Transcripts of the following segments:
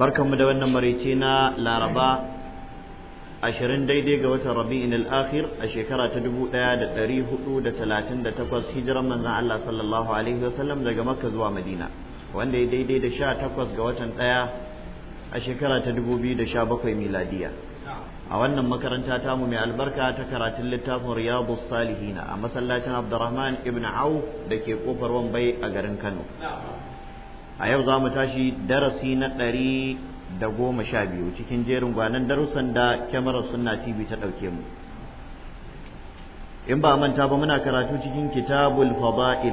barkanmu da wannan maraice na laraba ashirin daidai ga watan rabi'in al-akhir a shekara ta dubu ɗaya da ɗari hudu da talatin da takwas hijiran manzon Allah sallallahu alaihi wasallam daga makka zuwa madina wanda ya daidai da sha takwas ga watan ɗaya a shekara ta dubu biyu da sha bakwai miladiya a wannan makaranta tamu mai albarka ta karatun littafin riyadu salihina a masallacin abdurrahman ibn au da ke kofar wambai a garin kano a yau za mu tashi darasi na ɗari da goma sha biyu cikin jerin gwanan darussan da kyamarar sunna tv ta ɗauke mu in ba manta ba muna karatu cikin kitabul fada'il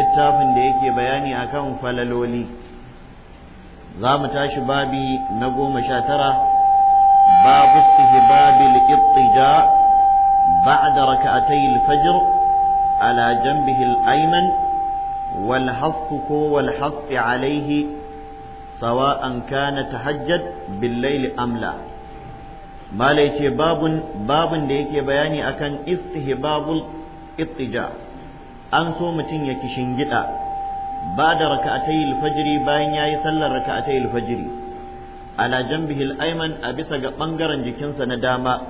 littafin da yake bayani akan falaloli za mu tashi babi na goma sha tara babu istihbabil ittija ba'da raka'atayil fajr ala janbihi Aiman. والحص كو والحص عليه سواء كان تهجد بالليل أم لا ما ليتي باب باب ديكي بياني أكن استهباب الاضطجاع an so mutum ya kishingida ba Bada raka'atai alfajiri bayan ya yi sallar raka'atai alfajiri ala jambihil ayman a bisa ga ɓangaren jikinsa na dama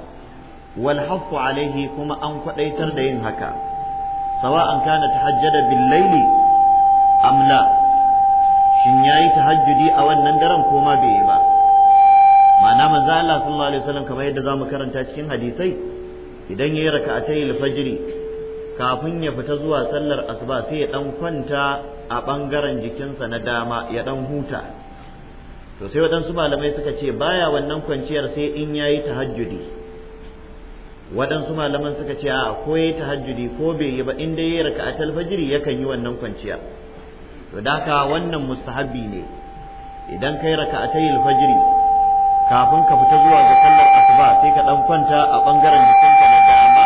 wal haffu alaihi kuma an kwaɗaitar da yin haka sawa'an kana tahajjada bil laili amla shin yayi tahajjudi a wannan daren ko ma bai yi ba ma'ana manzo Allah sallallahu alaihi wasallam kamar yadda zamu karanta cikin hadisai idan yayi raka'atay al fajri kafin ya fita zuwa sallar asuba sai ya dan kwanta a bangaren jikinsa na dama ya dan huta to sai waɗansu malamai suka ce baya wannan kwanciyar sai in yayi tahajjudi waɗansu malaman suka ce a ko yayi tahajjudi ko bai yi ba in dai yayi raka'atul fajri yakan yi wannan kwanciyar to da wannan mustahabi ne idan kai raka'atayil fajri kafin ka fita zuwa ga sallar asuba sai ka dan kwanta a bangaren jikinka na dama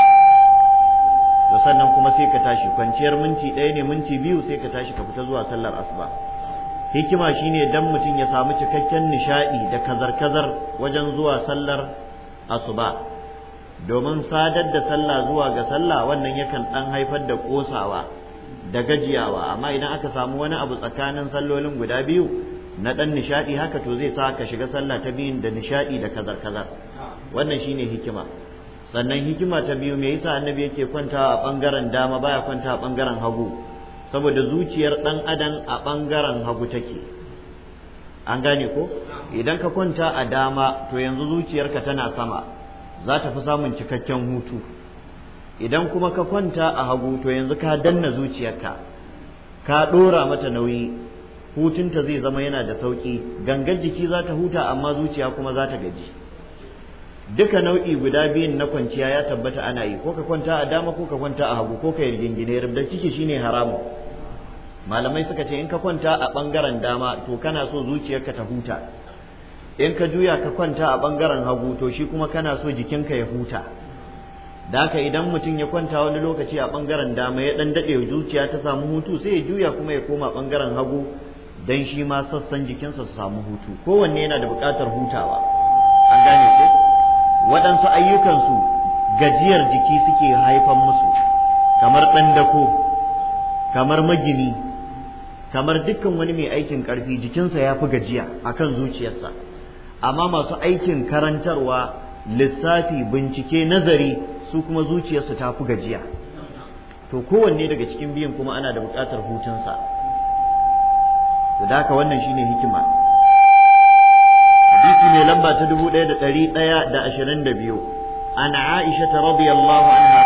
to sannan kuma sai ka tashi kwanciyar minti ɗaya ne minti biyu sai ka tashi ka fita zuwa sallar asuba hikima shine dan mutum ya samu cikakken nishadi da kazar-kazar wajen zuwa sallar asuba domin sadar da sallah zuwa ga sallah wannan yakan dan haifar da kosawa da gajiyawa amma idan aka samu wani abu tsakanin sallolin guda biyu na dan nishadi haka to zai sa ka shiga sallah ta biyun da nishadi da kazar kazar wannan shine hikima sannan hikima ta biyu me yasa annabi yake kwantawa a bangaren dama baya kwanta a bangaren hagu saboda zuciyar dan adam a bangaren hagu take an gane ko idan ka kwanta a dama to yanzu zuciyarka tana sama za ta fi samun cikakken hutu idan kuma ka kwanta a hagu to yanzu ka danna zuciyarka ka ɗora mata nauyi hutunta zai zama yana da sauki gangar jiki za ta huta amma zuciya kuma za ta gaji duka nau'i guda biyun na kwanciya ya tabbata ana yi ko ka kwanta a dama ko ka kwanta a hagu ko ka yirgingine rigingine rubda ciki shine haramu malamai suka ce in ka kwanta a ɓangaren dama to kana so zuciyarka ta huta in ka juya ka kwanta a ɓangaren hagu to shi kuma kana so jikinka ya huta da haka idan mutum ya kwanta wani lokaci a bangaren dama ya dan dade zuciya ta samu hutu sai ya juya kuma ya koma bangaren hagu dan shi ma sassan jikinsa su samu hutu kowanne yana da buƙatar hutawa an gane ku. waɗansu ayyukansu gajiyar jiki suke haifan musu kamar ɗan dako kamar magini kamar dukkan wani mai aikin ƙarfi jikinsa ya fi gajiya a kan zuciyarsa amma masu aikin karantarwa lissafi bincike nazari su kuma zuciyarsu ta fi gajiya to kowanne daga cikin biyan kuma ana da buƙatar hutunsa da wannan shine hikima hadisi ne lamba ta dubu ɗaya da ɗari ɗaya da ashirin da biyu an aisha ta Allah anha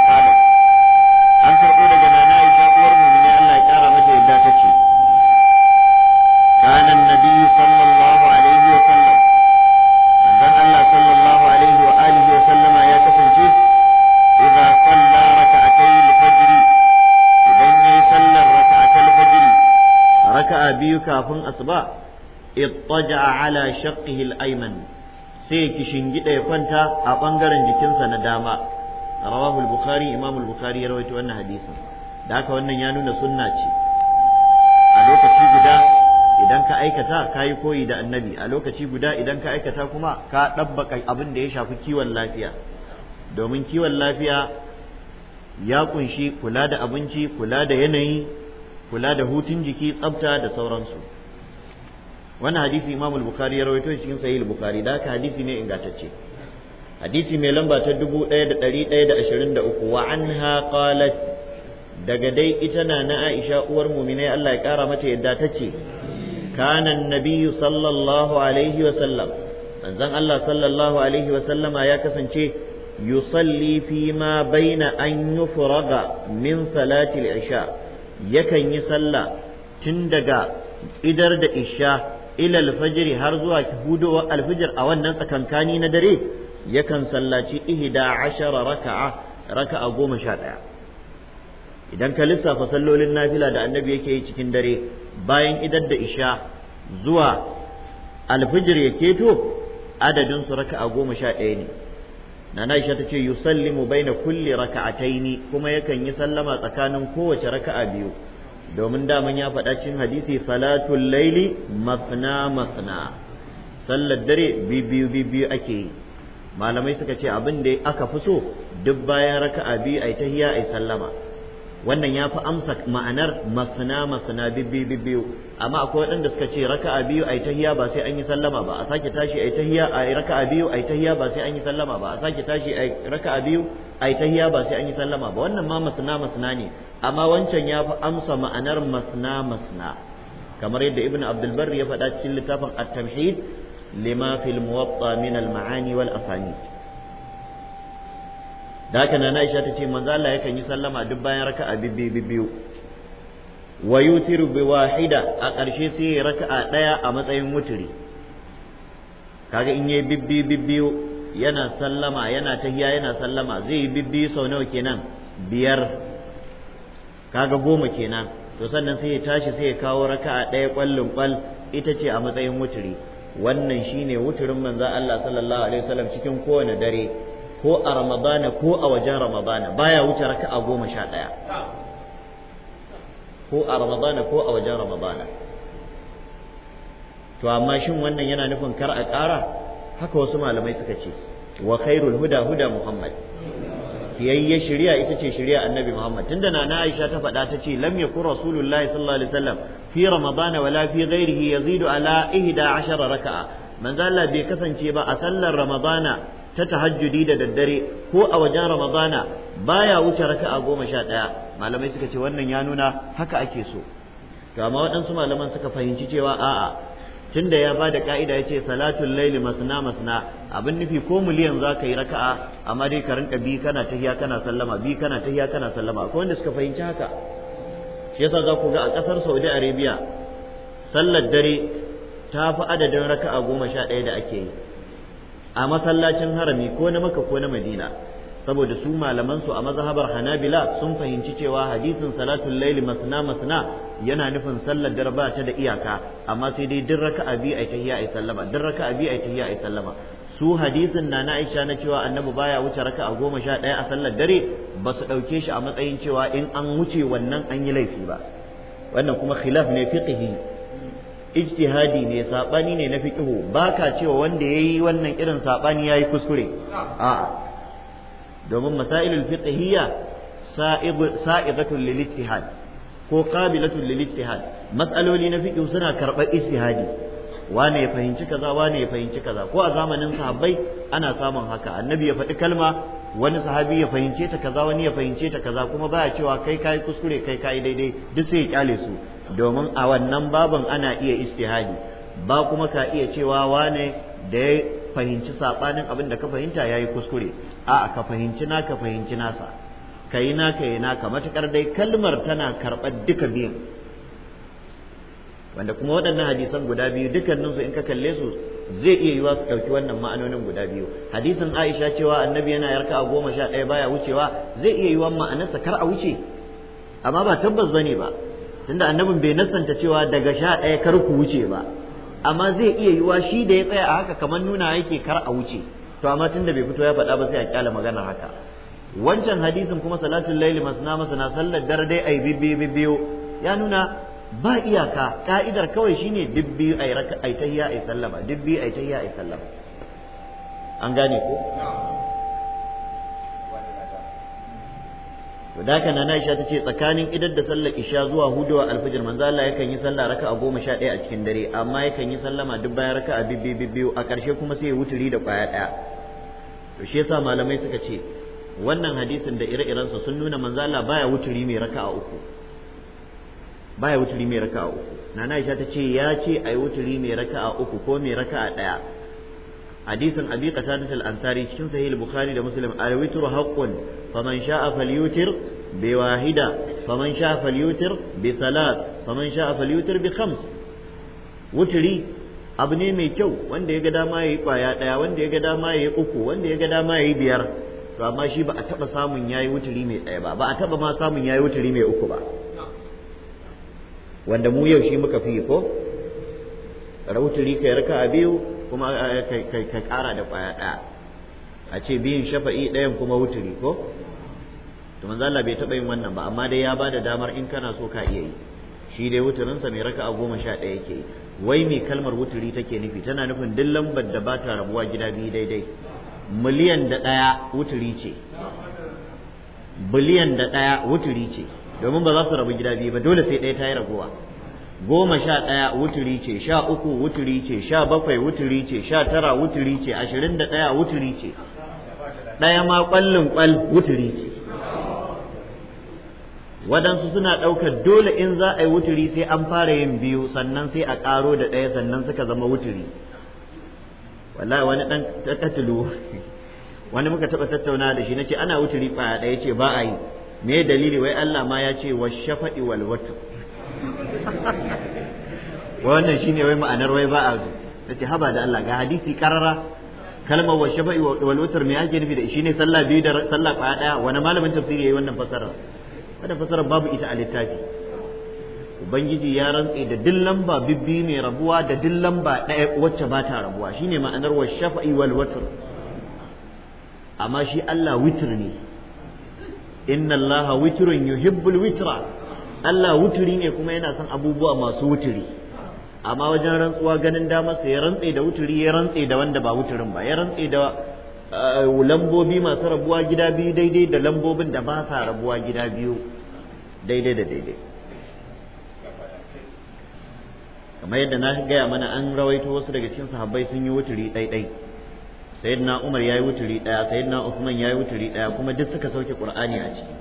biyu kafin asuba ittaja ala shaqqihi al-ayman sai shingida ya kwanta a bangaren jikinsa na dama rawahu al-bukhari imam al-bukhari ya rawaito wannan hadisin da haka wannan ya nuna sunna ce a lokaci guda idan ka aikata ka yi koyi da annabi a lokaci guda idan ka aikata kuma ka ɗabbaka abin da ya shafi kiwon lafiya domin kiwon lafiya ya kunshi kula da abinci kula da yanayi kula da hutun jiki tsafta da sauransu wannan hadisi Imam al-Bukhari ya rawaito cikin Sahih al-Bukhari da haka hadisi ne ingantacce hadisi mai lamba ta 1123 wa anha qalat daga dai ita na na Aisha uwar mu'minai Allah ya kara mata yadda tace kana annabiyyu sallallahu alaihi wa sallam manzon Allah sallallahu alaihi wa sallama ya kasance yusalli fi ma baina an yufraga min salati al-isha yakan yi sallah tun daga idar da isha ilal fajiri har zuwa hudowar alfijir a wannan tsakankani na dare yakan sallaci ihida ashara raka'a raka'a goma sha ɗaya idan ka lissafa sallolin nafila da annabi yake yi cikin dare bayan idar da isha zuwa alfijir ya keto adadin su raka'a goma sha ɗaya ne nana Aisha tace yusallimu baina kulli raka'ataini kuma yakan yi sallama tsakanin kowace raka'a biyu domin daman ya faɗa cikin hadisi salatul laili mafna mafna" sallar dare biyu biyu ake yi malamai suka ce abin da aka fi so duk bayan raka'a biyu ai tahiya ai sallama wannan ya fi amsa ma'anar masna masna bibbi bibbiyu amma akwai waɗanda suka ce a biyu a yi tahiya ba sai an yi sallama ba a sake tashi a yi ai tahiyya ai raka'a biyu yi tahiya ba sai an yi sallama ba a sake tashi a ai raka'a biyu yi tahiya ba sai an yi sallama ba wannan ma masna masna ne amma wancan ya fi amsa ma'anar masna masna kamar yadda ibnu abdul barri ya faɗa cikin littafin at-tamhid lima fil muwatta min al-ma'ani wal asanid da haka nana Aisha ta ce manzo Allah yakan yi sallama duk bayan raka'a bibbi bibbiyu wa yutiru bi wahida a ƙarshe sai ya raka'a ɗaya a matsayin wuturi kaga in yayi bibbi bibbiyu yana sallama yana tahiya yana sallama zai yi bibbi sau nawa kenan biyar kaga goma kenan to sannan sai ya tashi sai ya kawo raka'a ɗaya ƙwallin ƙwal ita ce a matsayin wuturi wannan shine wuturin manzo Allah sallallahu alaihi wasallam cikin kowane dare ko a ramadana ko a wajen ramadana baya wuce raka'a goma sha ɗaya ko a ramadana ko a wajen ramadana to amma shin wannan yana nufin kar a ƙara haka wasu malamai suka ce wa khairul huda huda muhammad siyayye shari'a ita ce shari'a annabi Muhammad tunda na Aisha ta faɗa ta ce lam yakun rasulullahi sallallahu alaihi wasallam fi ramadana wala fi ghairihi yazidu ala 11 raka'a manzo Allah bai kasance ba a sallar ramadana ta tahajjudi da daddare ko a wajen ramadana baya wuce raka'a goma sha ɗaya malamai suka ce wannan ya nuna haka ake so to amma waɗansu malaman suka fahimci cewa a'a tunda ya ba da ka'ida ya ce salatul laili masna masna abin nufi ko miliyan za ka yi raka'a amma dai ka rinka bi kana tahiya kana sallama bi kana tahiya kana sallama akwai wanda suka fahimci haka shi yasa za ku ga a ƙasar saudi arabia sallar dare ta fi adadin raka'a goma sha ɗaya da ake yi a masallacin harami ko na maka ko na madina saboda su malamansu a mazhabar hanabila sun fahimci cewa hadisin salatul laili masna masna yana nufin sallar darba ta da iyaka amma sai dai duk raka'a bi ai tahiyya ai sallama duk raka'a bi ai tahiyya ai sallama su hadisin na na Aisha na cewa annabi baya wuce raka a goma sha ɗaya a sallar dare ba su ɗauke shi a matsayin cewa in an wuce wannan an yi laifi ba wannan kuma khilaf ne fiqhi ijtihadi ne sabani ne na fiqhu baka cewa wanda yayi wannan irin sabani yayi kuskure a'a domin masailul fiqhiyya sa'iqatul lil ijtihad ko qabilatul lil ijtihad mas'aloli na fiqhu suna karɓar ijtihadi wane ya fahimci kaza wane ya fahimci kaza ko a zamanin sahabbai ana samun haka annabi ya faɗi kalma wani sahabi ya fahimce ta kaza wani ya fahimce ta kaza kuma baya cewa kai kai kuskure kai kai daidai duk sai ya kyale su domin a wannan babin ana iya istihadi ba kuma ka iya cewa wane da ya fahimci saɓanin abin da ka fahimta ya yi kuskure a'a ka fahimci na ka fahimci nasa ka yi na ka yi ka matuƙar dai kalmar tana karɓar duka biyun wanda kuma waɗannan hadisan guda biyu dukkaninsu in ka kalle su zai iya yiwa su ɗauki wannan ma'anonin guda biyu hadisin aisha cewa annabi yana yarka a goma sha ɗaya baya wucewa zai iya yiwa ma'anarsa kar a wuce amma ba tabbas bane ba tunda annabin bai nasanta cewa daga sha ɗaya kar ku wuce ba amma zai iya yiwa shi da ya tsaya a haka kamar nuna yake kar a wuce to amma tunda bai fito ya faɗa ba sai a kyala magana haka wancan hadisin kuma salatul laili masna masna, sallar dare dai ai bibbiyo ya nuna ba iyaka ka'idar kawai shine dibbi ai raka ai tahiyya ai sallama dibbi ai tahiyya ai sallama an gane ko to da haka nana Aisha tace tsakanin idan da sallar isha zuwa huduwa alfajir manzo Allah yakan yi sallah raka'a goma sha ɗaya a cikin dare amma yakan yi sallama duk bayan raka'a bibbi biyu a ƙarshe kuma sai ya wuturi da kwaya daya. to shi yasa malamai suka ce wannan hadisin da ire-irensa sun nuna manzo Allah baya wuturi mai raka'a uku baya wuturi mai raka'a uku nana Aisha tace ya ce ai wuturi mai raka'a uku ko mai raka'a ɗaya hadisin abi ansari cikin sahih al da muslim al-witru haqqun faman sha'a falyutir abu mai kyau wanda ya ga dama yi kwaya ɗaya. wanda ya ga dama yayi uku wanda ya ga dama yi biyar to amma shi ba a taɓa samun yi wuturi mai ɗaya ba ba a taba ma samun yi wuturi mai uku ba wanda mu yau shi muka fi ko rautiri kai raka a biyu kuma eh, eh, ka kara da kwaya ɗaya a ce biyun shafa'i ɗayan kuma wuturi ko to manzo Allah bai taɓa yin wannan ba amma dai ya bada damar in kana so ka iya yi shi dai wuturin sa mai raka'a goma sha ɗaya yake yi wai mai kalmar wuturi take nufi tana nufin duk lambar da ba ta rabuwa gida biyu daidai miliyan da ɗaya wuturi ce biliyan da ɗaya wuturi ce domin ba za su rabu gida biyu ba dole sai ɗaya ta yi raguwa goma sha ɗaya wuturi ce sha uku wuturi ce sha bakwai wuturi ce sha tara wuturi ce ashirin da ɗaya wuturi ce ɗaya ma ƙwallin ƙwal wuturi ce waɗansu suna ɗaukar dole in za a yi wuturi sai an fara yin biyu sannan sai a ƙaro da ɗaya sannan suka zama wuturi wallahi wani ɗan takatulu wani muka taɓa tattauna da shi na ce ana wuturi ɓaya ɗaya ce ba a yi me dalili wai Allah ma ya ce wa shafa'i wal wannan shi ne wai ma'anar wai ba a tace haba da Allah ga hadisi karara kalmar wa shafa'i wal wutr me yake nufi da shi ne sallah biyu da sallah kwaya daya wani malamin tafsiri yayi wannan fasara wannan fasara babu ita a littafi ubangiji ya rantse da duk lamba bibbi mai rabuwa da duk lamba daya wacce ba ta rabuwa shine ma'anar wa shafa'i wal wutr amma shi Allah witr ne inna Allah witrun yuhibbul witra Allah wuturi ne kuma yana son abubuwa masu wuturi amma wajen rantsuwa ganin damarsa ya rantse da wuturi ya rantse da wanda ba wuturin ba ya rantse da eh, lambobi masu rabuwa gida biyu daidai da lambobin da ba sa rabuwa gida biyu daidai da daidai kamar yadda na gaya mana an rawaito wasu daga cikin sahabbai sun yi wuturi ɗaiɗai sayyidina umar ya yi wuturi ɗaya sayyidina usman ya yi wuturi ɗaya kuma duk suka sauke qur'ani a ciki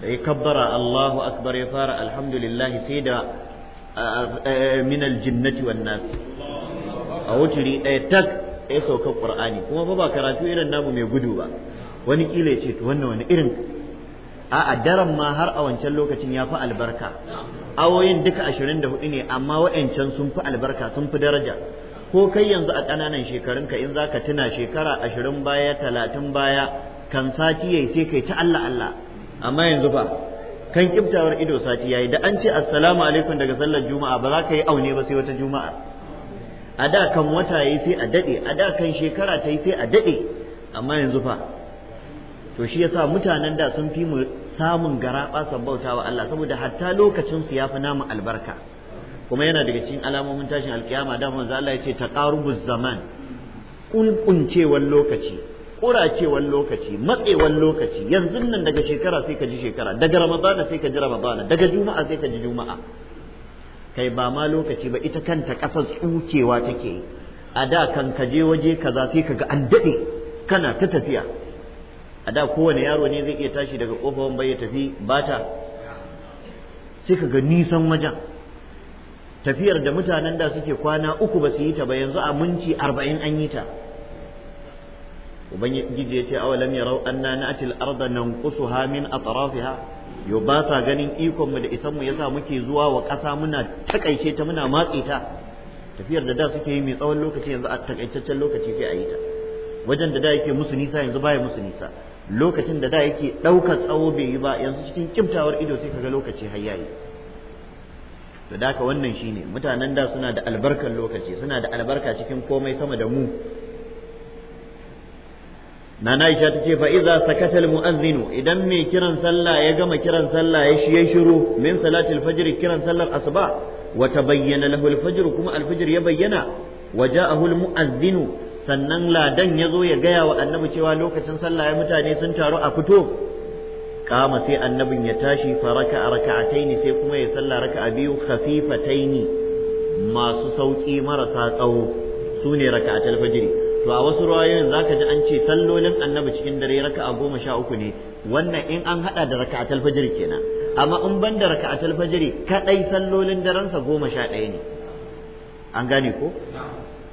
da ya kabbara Allahu akbar ya fara alhamdulillahi sai da minal jinnati wan nas a wuturi ɗaya tak ya sauka qur'ani kuma fa ba karatu irin namu mai gudu ba wani kila ya ce to wannan wani irin a'a daren ma har a wancan lokacin ya fi albarka awoyin duka ashirin da hudu ne amma wa'ancan sun fi albarka sun fi daraja ko kai yanzu a ƙananan shekarunka in zaka tuna shekara ashirin baya talatin baya kan sati yayi sai kai ta Allah Allah amma yanzu fa kan kiftawar ido sati yayi da an ce assalamu alaikum daga sallar juma'a ba za ka yi aune ba sai wata juma'a a da kan wata yayi sai a dade a da kan shekara ta yi sai a dade amma yanzu fa to shi yasa mutanen da sun fi mu samun garaba bautawa Allah saboda hatta lokacin su yafi namu albarka kuma yana daga cikin alamomin tashin alkiyama da manzo Allah ya ce taqarubuz zaman kunkuncewar lokaci ƙuracewan lokaci matsewan lokaci yanzu nan daga shekara sai ka ji shekara daga ramadana sai ka ji ramadana daga juma'a sai ka ji juma'a kai ba ma lokaci ba ita kanta ƙasar tsukewa take a da kan kaje je waje kaza sai ka ga an daɗe kana ta tafiya a da kowane yaro ne zai iya tashi daga ƙofar bai ya tafi bata sai ka ga nisan wajen tafiyar da mutanen da suke kwana uku ba su yi ta ba yanzu a minti arba'in an yi ta ubangiji ya ce awalam yarau anna na'til arda nanqusuha min atrafiha yo ba sa ganin ikon mu da isan mu yasa muke zuwa wa ƙasa muna takaice ta muna matse ta tafiyar da da suke yi mai tsawon lokaci yanzu a takaitaccen lokaci sai a yi ta wajen da da yake musu nisa yanzu baya musu nisa lokacin da da yake ɗaukar tsawo bai yi ba yanzu cikin kimtawar ido sai kaga lokaci har yayi to da haka wannan shine mutanen da suna da albarkar lokaci suna da albarka cikin komai sama da mu nana Aisha ta fa iza sakata mu'azinu. idan mai kiran sallah ya gama kiran sallah ya shi ya shiru min salati alfajr kiran sallar asuba wa tabayyana lahu alfajr kuma alfajr ya bayyana wa ja'ahu almu'adhdhinu sannan ladan ya zo ya gaya wa annabi cewa lokacin sallah ya mutane sun taru a fito kama sai annabin ya tashi faraka a raka'ataini sai kuma ya sallah raka'a biyu khafifataini masu sauki marasa tsawo sune raka'atul fajr to a wasu ruwayoyin ka ji an ce sallolin annabi cikin dare raka a goma sha uku ne wannan in an haɗa da raka a talfajiri kenan amma in ban da raka a talfajiri kaɗai sallolin daransa goma sha ɗaya ne an gane ko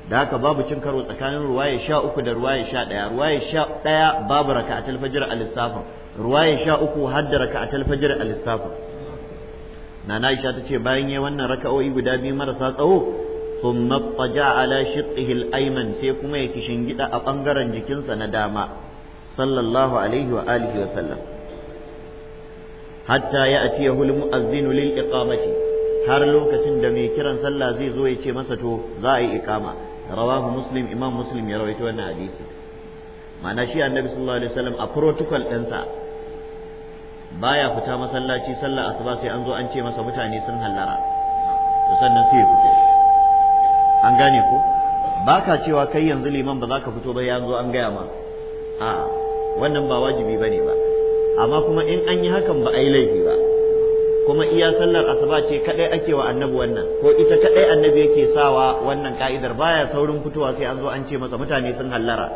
da haka babu cin karo tsakanin ruwaye sha uku da ruwaye sha ɗaya ruwaye sha ɗaya babu raka a talfajiri a lissafin ruwaya sha uku har da a talfajiri a lissafin Nana Aisha ta ce bayan yi wannan raka'o'i guda biyu marasa tsawo ثم اضطجع على شقه الأيمن سيكما يكشن جدا أبنغرا جكين سنداما صلى الله عليه وآله وسلم حتى يأتيه المؤذن للإقامة har lokacin da mai kiran sallah zai zo ya ce masa to za a yi ikama rawahu muslim imam muslim ya rawaito wannan hadisi ma'ana shi annabi sallallahu alaihi wasallam a protocol ɗinsa baya fita masallaci sallah asuba sai an zo an ce masa mutane sun hallara to sannan sai ya fita an gane ko ba ka cewa kai yanzu liman ba za ka fito ba ya zo an gaya ma a wannan ba wajibi ba ba amma kuma in an yi hakan ba a yi laifi ba kuma iya sallar asuba ce kadai ake wa annabi wannan ko ita kadai annabi yake sawa wannan ka'idar baya saurin fitowa sai an zo an ce masa mutane sun hallara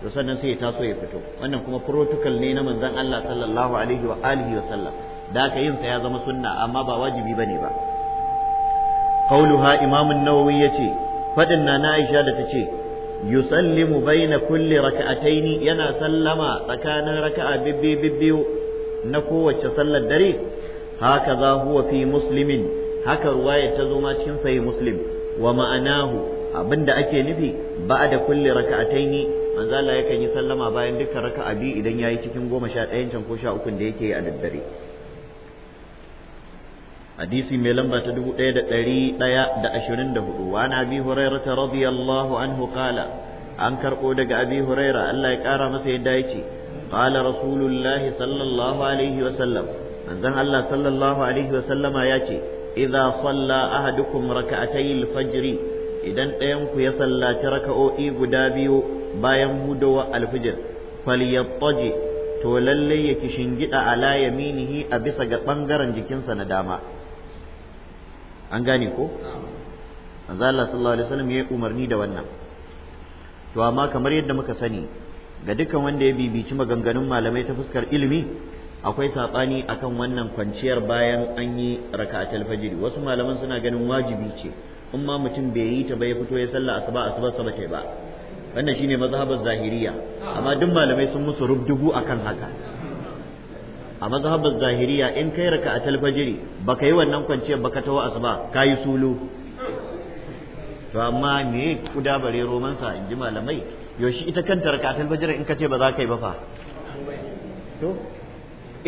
to sannan sai ya taso ya fito wannan kuma protocol ne na manzon Allah sallallahu alaihi wa alihi wa sallam da haka yin sa ya zama sunna amma ba wajibi bane ba qauluha imam an-nawawi yace fadin na na Aisha da tace yusallimu baina kulli raka'ataini yana sallama tsakanin raka'a bibbi bibbiyu na kowace sallar dare haka za huwa fi muslimin haka ruwaya ta zo ma cikin sahih muslim wa ma'anahu abinda ake nufi ba'da kulli raka'ataini manzo Allah yakan yi sallama bayan dukkan raka'a bi idan yayi cikin goma sha ɗayan can ko sha ukun da yake yi a daddare hadisi mai lamba ta dubu ɗaya da ɗari ɗaya da ashirin da hudu wa na abi huraira ta radiyallahu anhu qala an karɓo daga abi huraira Allah ya ƙara masa yadda ya ce qala rasulullahi sallallahu alaihi wa sallam manzon Allah sallallahu alaihi wa sallama ya ce idza salla ahadukum rak'atay al-fajr idan ɗayan ku ya sallaci raka'o'i guda biyu bayan hudowa al-fajr falyattaji to lalle ya kishingida ala yaminihi a bisa ga bangaren jikinsa na dama an gane ko manzo Allah sallallahu alaihi wasallam ya umarni da wannan to amma kamar yadda muka sani ga dukkan wanda ya bibici maganganun malamai ta fuskar ilimi akwai saɓani akan wannan kwanciyar bayan an yi raka'atul fajr wasu malaman suna ganin wajibi ce in ma mutum bai yi ta ba ya fito ya sallah asuba asuba sa bace ba wannan shine mazhabar zahiriya amma duk malamai sun musu rubdugu akan haka a mazhabar zahiriya in kai raka a talfajiri baka yi wannan kwanciyar baka tawo asuba ka yi sulu to amma me kuda bare romansa in ji malamai yaushe ita kanta raka talfajir in ka ce ba za ka yi ba fa to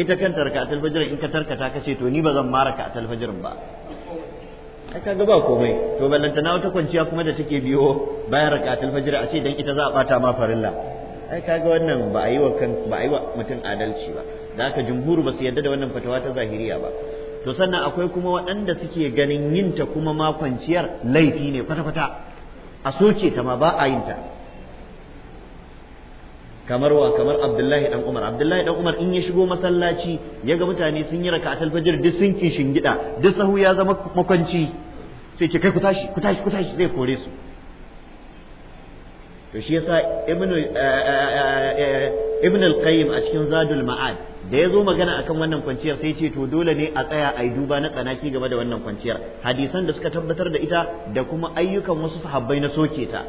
ita kanta raka talfajir in ka tarkata ka ce to ni ba zan ma raka talfajirin ba ai kaga ba komai to ballantana wata kwanciya kuma da take biyo bayan raka talfajir a ce dan ita za a bata ma farilla ai kaga wannan ba a yi wa mutum adalci ba da haka jumhur ba su yarda da wannan fatawa ta zahiriya ba to sannan akwai kuma waɗanda suke ganin yinta kuma ma kwanciyar laifi ne kwata-kwata a soke ta ma ba a yinta kamar wa kamar Abdullahi dan Umar Abdullahi dan Umar in ya shigo masallaci ya ga mutane sun yi raka'atul fajr duk sun ki shingida duk sahu ya zama makwanci sai ce kai ku tashi ku tashi ku tashi zai kore su to shi yasa ibnu eh, eh, eh, ibn al-qayyim a cikin zadul ma'ad da ya zo magana akan wannan kwanciyar sai ce to dole ne a tsaya a yi duba na tsanaki game da wannan kwanciyar hadisan da suka tabbatar da ita da kuma ayyukan wasu sahabbai na soke ta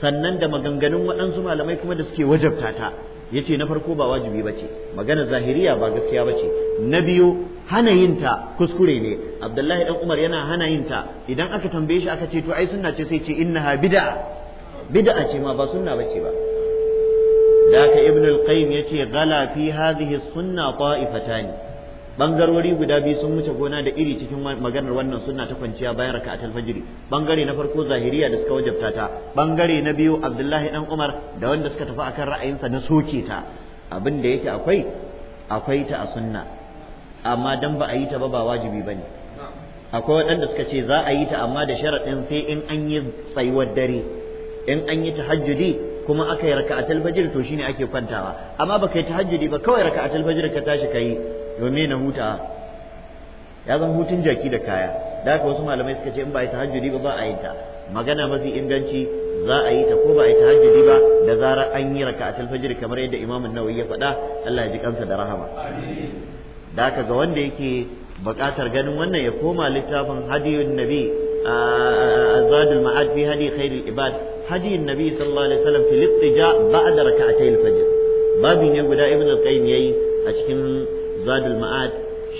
sannan da maganganun waɗansu malamai kuma da suke wajabta ta yace na farko ba wajibi bace magana zahiriya ba gaskiya bace na biyo hana yin kuskure ne abdullahi dan umar yana hana yin idan aka tambaye shi aka ce to ai sunna ce sai ce innaha bid'a bid'a ce ma ba sunna bace ba da ka ibn al-qayyim yace gala fi hadhihi sunna bangarori guda biyu sun wuce gona da iri cikin maganar wannan sunna ta kwanciya bayan raka a fajr bangare na farko zahiriya da suka wajabta ta bangare na biyu abdullahi dan umar da wanda suka tafi akan ra'ayinsa na soke ta abin da yake akwai akwai ta a sunna amma dan ba a yi ta ba ba wajibi ba ne. akwai waɗanda suka ce za a yi ta amma da sharaɗin sai in an yi tsayuwar dare in an yi tahajjudi kuma aka yi raka'atul fajr to shine ake kwantawa amma baka yi tahajjudi ba kawai raka'atul fajr ka tashi kai domin na huta ya zama hutun jaki da kaya da haka wasu malamai suka ce in ba yi tahajjudi ba ba a yi ta magana mafi inganci za a yi ta ko ba a yi tahajjudi ba da zarar an yi raka'atul fajr kamar yadda imamun nawawi ya faɗa Allah ya ji kansa da rahama da haka ga wanda yake buƙatar ganin wannan ya koma littafin hadiyun nabi زاد المعاد في هدي خير العباد هدي النبي صلى الله عليه وسلم في الاضطجاع بعد ركعتي الفجر guda ibn yayi a cikin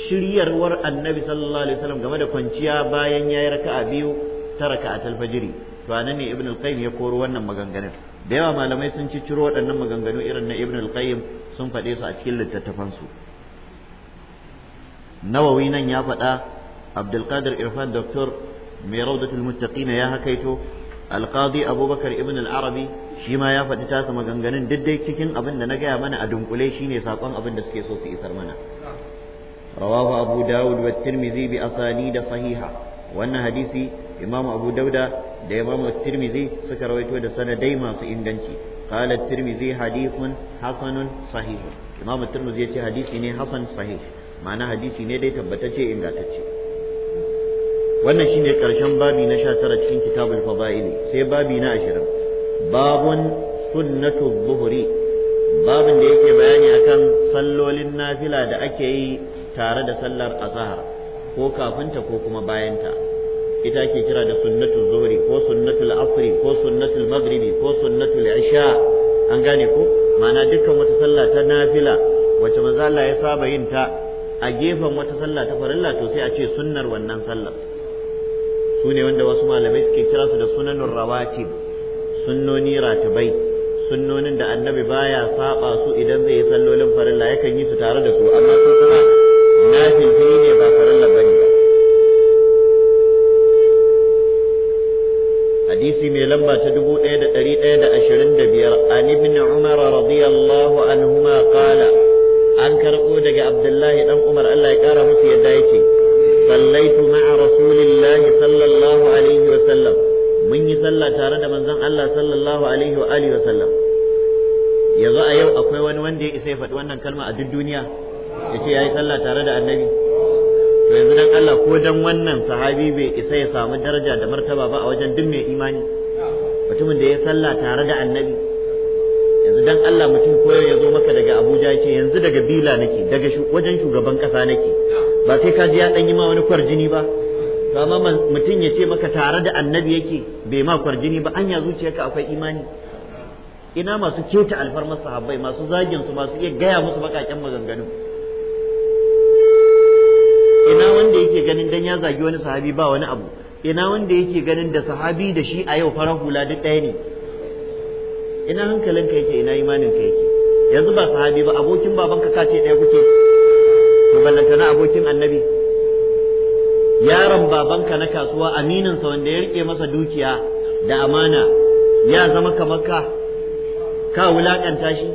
shiryarwar annabi sallallahu alaihi wasallam game da kwanciya bayan yayi raka'a biyu ta raka'at al to anan ne ibn al-qayyim ya koro wannan maganganun da yawa malamai sun ciro waɗannan maganganu irin na ibn al-qayyim sun faɗe su a cikin littattafan su nawawi nan ya faɗa abdul qadir irfan doktor mai raudatul muttaqina ya hakaito alqadi abubakar ibn al-arabi shi ma ya faɗi tasa maganganun daidai cikin abin da na gaya mana a dunkule shine sakon abin da suke so su isar mana rawahu abu dawud wa tirmidhi bi da sahiha wannan hadisi imamu abu dauda da imamu tirmidhi suka rawaito da sanadai masu inganci qala tirmidhi hadithun hasanun sahih imamu tirmidhi ya ce hadisi ne hasan sahih ma'ana hadisi ne dai tabbatacce ingantacce wannan shine karshen babi na 19 cikin kitabul fadaili sai babi na 20 babun sunnatu zuhri babin da yake bayani akan sallolin nafila da ake yi tare da sallar azhar ko ta ko kuma bayanta ita ake kira da sunnatu zuhri ko sunnatul asri ko sunnatul maghribi ko sunnatul isha an gane ko ma'ana dukkan wata sallah ta nafila wace manzo Allah ya saba yin ta a gefen wata sallah ta farilla to sai a ce sunnar wannan sallar su ne wanda wasu malamai suke kira su da sunanun rawatib sunnoni ratibai sunnonin da annabi baya saba su idan zai yi sallolin farilla yakan yi su tare da su amma su kuma nafilfili ne ba farilla bane ba hadisi mai lamba ta dubu ɗaya da ɗari ɗaya da ashirin da biyar an ibn umar radiyallahu ma qala an karɓo daga abdullahi dan umar Allah ya kara musu yadda yake صليت مع رسول الله صلى الله عليه وسلم من يصلى تارة من زن الله صلى الله عليه وآله وسلم yanzu a yau akwai wani wanda ya isa ya faɗi wannan kalma a duk duniya ya ce ya yi sallah tare da annabi to yanzu dan Allah ko dan wannan sahabi bai isa ya samu daraja da martaba ba a wajen imani mutumin da ya sallah tare da annabi yanzu dan Allah mutum koyo ya zo maka daga Abuja ya ce yanzu daga Bila nake daga wajen shugaban kasa nake ba sai ka ji ya ɗan yi ma wani kwarjini ba to amma mutum ya ce maka tare da annabi yake bai ma kwarjini ba anya zuciyarka akwai imani ina masu keta alfarmar sahabbai masu zagin su masu iya gaya musu bakaken maganganu ina wanda yake ganin dan ya zagi wani sahabi ba wani abu ina wanda yake ganin da sahabi da shi a yau farar hula duk ɗaya ne ina hankalinka yake ina imaninka yake yanzu ba sahabi ba abokin babanka ka ce ɗaya kuke to ballanta na abokin annabi yaron babanka na kasuwa aminansa wanda ya rike masa dukiya da amana ya zama kamar ka ka wulakanta shi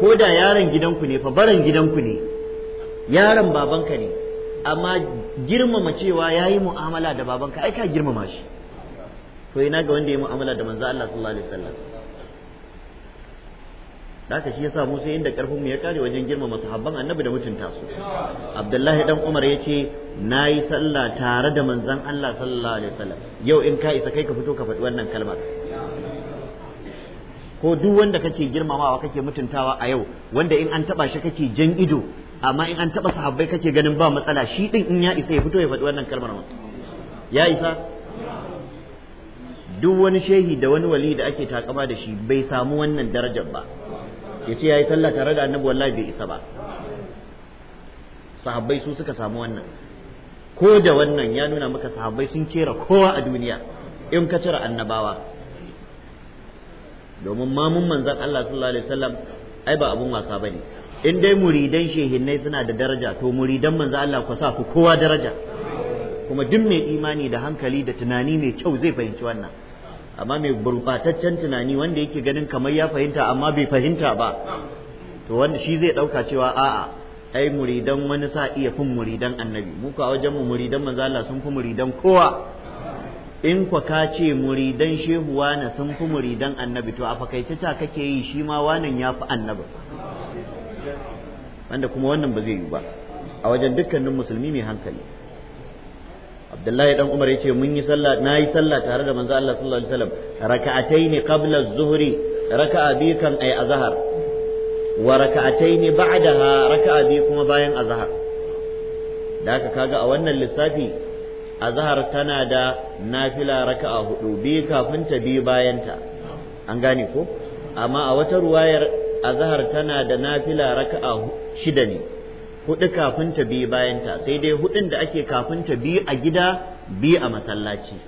ko da yaron gidanku ne fa baran gidanku ne yaron babanka ne amma girmama cewa ya yi mu'amala da babanka ai ka girmama shi to ina ga wanda ya mu'amala da manzo Allah sallallahu alaihi wasallam haka shi yasa mu sai inda karfin mu ya kare wajen girmama masahabban annabi da mutunta su abdullahi dan umar yace nayi sallah tare da manzon Allah sallallahu alaihi wasallam yau in ka isa kai ka fito ka faɗi wannan kalmar ko duk wanda kake girmamawa kake mutuntawa a yau wanda in an taba shi kake jan ido amma in an taba sahabbai kake ganin ba matsala shi din in ya isa ya fito ya faɗi wannan kalmar ya isa duk wani shehi da wani wali da ake takama da shi bai samu wannan darajar ba ya ce ya yi sallah tare da annabi wallahi bai isa ba sahabbai su suka samu wannan ko da wannan ya nuna maka sahabbai sun kera kowa a duniya in ka cire annabawa domin mamun manzan Allah sallallahu alaihi wasallam ai ba abun wasa bane in dai muridan shehinnai suna da daraja to muridan manzan Allah ku sa ku kowa daraja kuma duk mai imani da hankali da tunani mai kyau zai fahimci wannan amma mai gurbataccen tunani wanda yake ganin kamar ya fahimta amma bai fahimta ba to wanda shi zai ɗauka cewa a'a ai muridan wani sa iya fin muridan annabi mu a wajen mu muridan manzo Allah sun fi muridan kowa in kwa ka ce muridan shehu wani sun fi muridan annabi to a fakaice ta kake yi shi ma wani ya fi annabi wanda kuma wannan ba zai yi ba a wajen dukkanin musulmi mai hankali abdullahi dan umar yace mun yi sallah na yi sallah tare da manzo Allah sallallahu alaihi wasallam raka'ataini qabla az-zuhri raka'a bi kan ay azhar wa raka'ataini ba'daha raka'a bi kuma bayan azhar da haka kaga a wannan lissafi azhar tana da nafila raka'a hudu bi kafin ta bi bayan ta an gane ko amma a wata ruwayar azhar tana da nafila raka'a shida ne hudu kafin ta biyu bayan ta sai dai hudun da ake kafin ta biyu a gida biyu a masallaci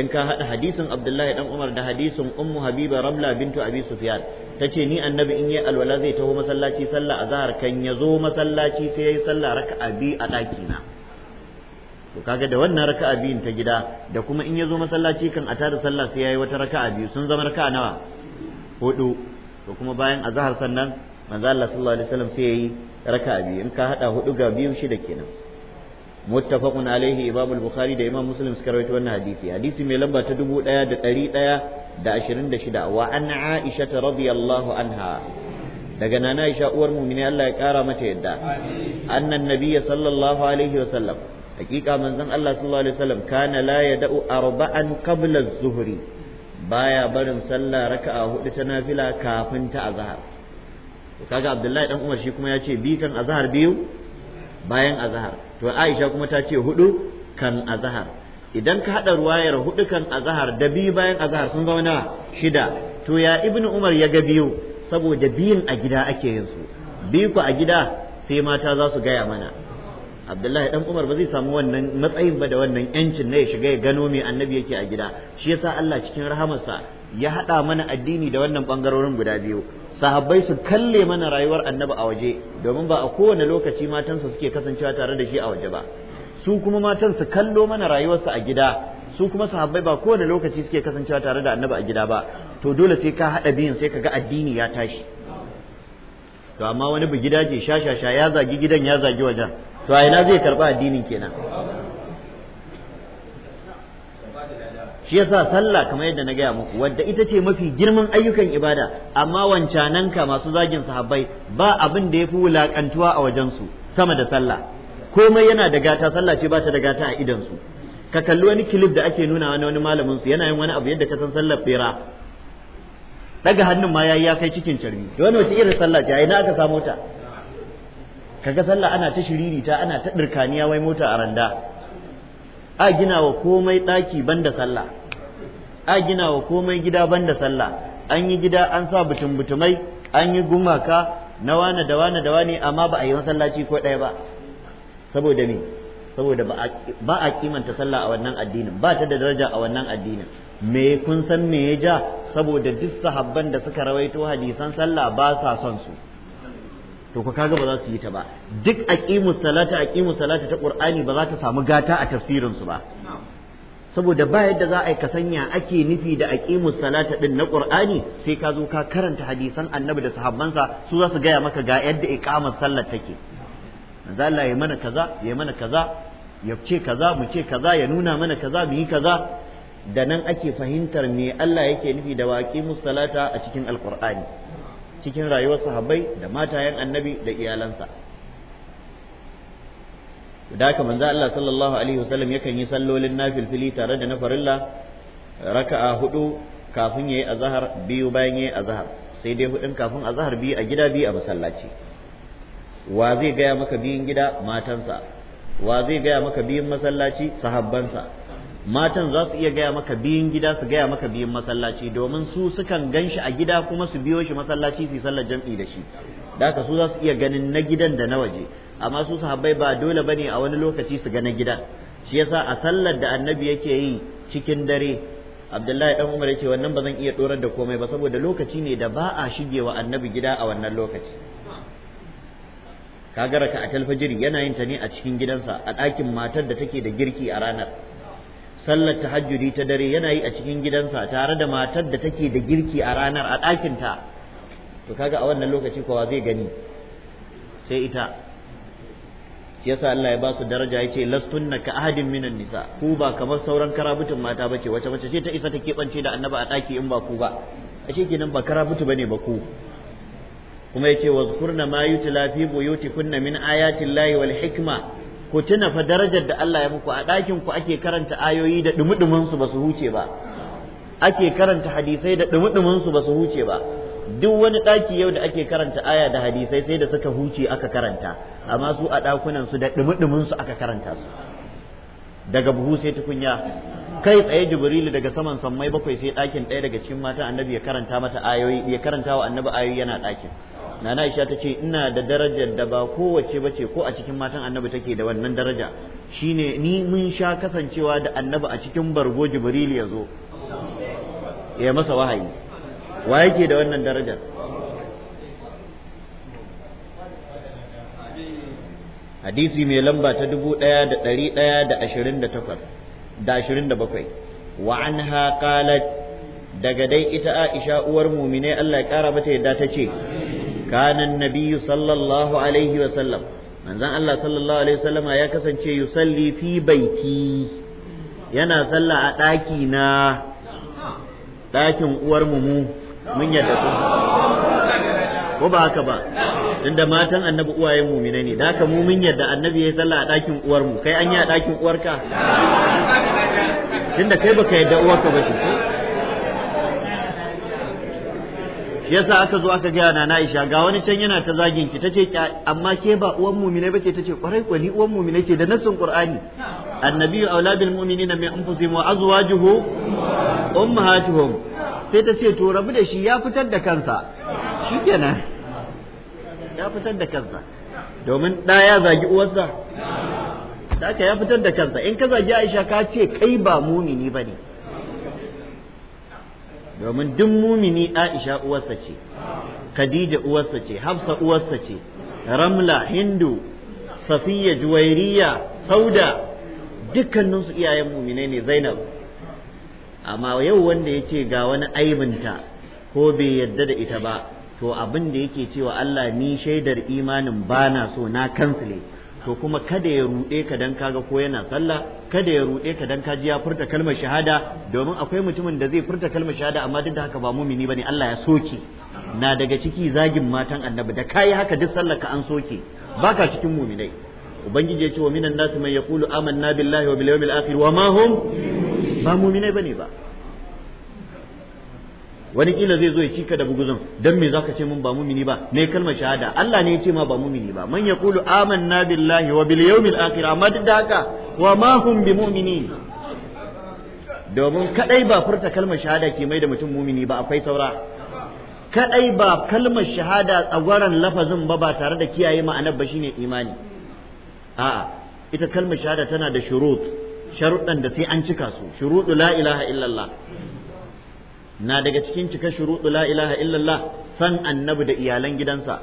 in ka hada hadisin Abdullahi dan Umar da hadisin Ummu Habiba Rabla bintu Abi Sufyan tace ni annabi in yayi alwala zai taho masallaci sallah azhar kan yazo masallaci sai yayi sallah raka'a bi a daki na to kaga da wannan raka'a biyun ta gida da kuma in yazo masallaci kan a tada sallah sai yayi wata raka'a biyu sun zama raka'a nawa hudu to kuma bayan azhar sannan manzo Allah sallallahu alaihi wasallam sai yayi raka biyu in ka hada hudu ga biyu shida kenan muttafaqun alaihi imam al-bukhari da imam muslim suka rawaito wannan hadisi hadisi mai lamba ta 1126 wa an aisha radiyallahu anha daga nana aisha uwar mu'mini Allah ya kara mata yadda annan nabiyyi sallallahu alaihi wa sallam hakika manzon Allah sallallahu alaihi wa sallam kana la yada'u arba'an qabla az-zuhri baya barin sallah raka'a hudu ta nafila kafin ta azhar kaga abdullahi dan umar shi kuma ya ce bi kan azhar biyu bayan azhar to aisha kuma ta ce hudu kan azhar idan ka hada ruwayar hudu kan azhar da biyu bayan azhar sun zama nawa shida to ya ibnu umar ya ga biyu saboda biyun a gida ake yin su bi ku a gida sai mata za su gaya mana abdullahi dan umar ba zai samu wannan matsayin ba da wannan yancin na ya shiga ya gano me annabi yake a gida shi yasa Allah cikin rahamarsa ya haɗa mana addini da wannan ɓangarorin guda biyu sahabbai su kalle mana rayuwar annabi a waje domin ba a kowane lokaci matansa suke kasancewa tare da shi a waje ba su kuma matan su kallo mana rayuwarsa a gida su kuma sahabbai ba kowane lokaci suke kasancewa tare da annabi a gida ba to dole sai ka haɗa biyun sai ka ga addini ya tashi to amma wani bugidaje shashasha ya zagi gidan ya zagi wajen to a ina zai karɓi addinin kenan shi yasa sallah kamar yadda na gaya muku wadda ita ce mafi girman ayyukan ibada amma wancananka masu zagin sahabbai ba abin da ya wulakantuwa a wajensu sama da sallah komai yana da gata sallah ce ba ta da gata a su ka kalli wani kilif da ake nuna wani wani malamin su yana yin wani abu yadda ka san sallar bera daga hannun ma yayi ya kai cikin carbi wani wata irin sallah ce ai na aka samu ta kaga sallah ana ta shiririta ana ta dirkaniya wai mota a randa a gina wa komai ɗaki banda sallah a gina wa komai gida banda sallah an yi gida an sa butumbutumai, butumai an yi gumaka na wane da wane da wane amma ba a yi masallaci ko ɗaya ba saboda me saboda ba a kimanta sallah a wannan addinin ba ta da daraja a wannan addinin me kun san me ya ja saboda duk sahabban da suka rawaito hadisan sallah ba sa son su to ku kaga ba za su yi ta ba duk aqimus salata aqimus salata ta qur'ani ba za ta samu gata a tafsirin su ba saboda ba yadda za a yi kasanya ake nufi da aqimus salata din na qur'ani sai ka zo ka karanta hadisan annabi da sahabbansa su za su gaya maka ga yadda iqamar sallar take manzo Allah ya mana kaza ya mana kaza ya ce kaza mu ce kaza ya nuna mana kaza mu yi kaza da nan ake fahimtar me Allah yake nufi da waqimus salata a cikin alqur'ani cikin rayuwar sahabbai da matayen annabi da iyalansa da haka manzo Allah sallallahu alaihi wasallam yakan yi sallolin nafilfili tare da na farilla raka'a hudu kafin yayi azhar biyu bayan yayi azhar sai dai hudun kafin azhar biyu a gida biyu a masallaci wa zai gaya maka biyun gida matansa wa zai gaya maka biyun masallaci sahabbansa matan za su iya gaya maka biyun gida su gaya maka biyun masallaci domin su sukan gan shi a gida kuma su biyo shi masallaci su yi sallar jam'i da shi da haka su za su iya ganin na gidan da na waje amma su sahabbai ba dole bane a wani lokaci su ga na gidan shi yasa a sallar da annabi yake yi cikin dare abdullahi dan umar yake wannan ba zan iya dorar da komai ba saboda lokaci ne da ba a shigewa annabi gida a wannan lokaci kaga raka a talfajiri yana yin ta ne a cikin gidansa a ɗakin matar da take da girki a ranar sallar tahajjudi ta dare yana yi a cikin gidansa tare da matar da take da girki a ranar a ɗakinta to kaga a wannan lokaci kowa zai gani sai ita yasa Allah ya ba su daraja yace lastunna ka ahadin minan nisa ku ba kamar sauran karabutun mata bace wace mace ce ta isa ta kebance da annaba a daki in ba ku ba ashe kenan ba karabutu bane ba ku kuma yace wazkurna ma yutla fi buyutikunna min ayati llahi wal hikma ku tuna fa darajar da Allah ya muku a dakin ku ake karanta ayoyi da dumudumin su ba su huce ba ake karanta hadisai da dumudumin su ba su huce ba duk wani daki yau da ake karanta aya da hadisai sai da suka huce aka karanta amma su a ɗakunan su da ɗumi su aka karanta su daga buhu sai tukunya kai tsaye jibrilu daga saman sammai bakwai sai ɗakin ɗaya daga cikin matan annabi ya karanta mata ayoyi ya karanta wa annabi ayoyi yana ɗakin nana aisha ta ce ina da darajar da ba kowace ba ce ko a cikin matan annabi take da wannan daraja shine ni mun sha kasancewa da annabi a cikin bargo jibrilu ya zo ya masa wahayi wa yake da wannan darajar hadisi mai lamba ta dubu ɗaya da ɗari ɗaya da ashirin da takwas da ashirin da bakwai wa anha daga dai ita Aisha uwar muminai Allah ya kara mata yadda ta ce kana nabiyyu sallallahu alaihi wa sallam manzon Allah sallallahu alaihi wa sallam ya kasance yusalli fi baiti yana sallah a ɗaki na ɗakin uwar mu mun yadda ko ba haka ba inda matan annabi uwaye mumina ne da haka mu yadda annabi ya yi sallah a ɗakin uwar mu kai an yi a ɗakin uwarka tunda kai baka yadda uwarka ba shi yasa aka zo aka gaya na Aisha ga wani can yana ta zagin ki tace amma ke ba uwan mu'mina bace tace kwarai kwani uwan mu'mina ce da nasin Qur'ani annabiyyu aula bil mu'minina min anfusihim wa azwajuhu ummahatuhum sai ta ce to rabu da shi ya fitar da kansa kenan ya fitar da kansa domin ɗa ya zagi uwarsa haka ya fitar da kansa in ka zagi Aisha ka ce kai ba mumini bane domin duk mumini Aisha uwarsa ce Khadija uwarsa ce Hafsa uwarsa ce Ramla Hindu Safiya Juwairiya Sauda dukkaninsu iyayen muminai ne Zainab amma yau wanda ya ce ga wani aibinta ko bai yarda da ita ba to abin da yake cewa Allah ni shaidar imanin ba na so na kansile to kuma kada ya ruɗe ka dan kaga ko yana sallah kada ya ruɗe ka dan kaji ya furta kalmar shahada domin akwai mutumin da zai furta kalmar shahada amma duk da haka ba mumini bane Allah ya soke na daga ciki zagin matan annabi da kai haka duk sallar ka an soke baka cikin muminai ubangiji ya ce wa minan nasu man yaqulu amanna billahi wa bil yawmil akhir wa ma hum ba muminai bane ba wani kila zai zo ya cika da buguzun dan me zaka ce mun ba mumini ba ne kalmar shahada Allah ne ya ce ma ba mumini ba man yaqulu amanna billahi wa bil yawmil akhir amma duk da haka wa ma hum bi domin kadai ba furta kalmar shahada ke mai da mutum mumini ba akwai saura kadai ba kalmar shahada tsagwaran lafazin ba ba tare da kiyaye ma'anar ba shine imani a'a ita kalmar shahada tana da shurut sharuɗan da sai an cika su shuruɗu la ilaha illallah na daga cikin cika shuruɗu la ilaha illallah san annabi da iyalan gidansa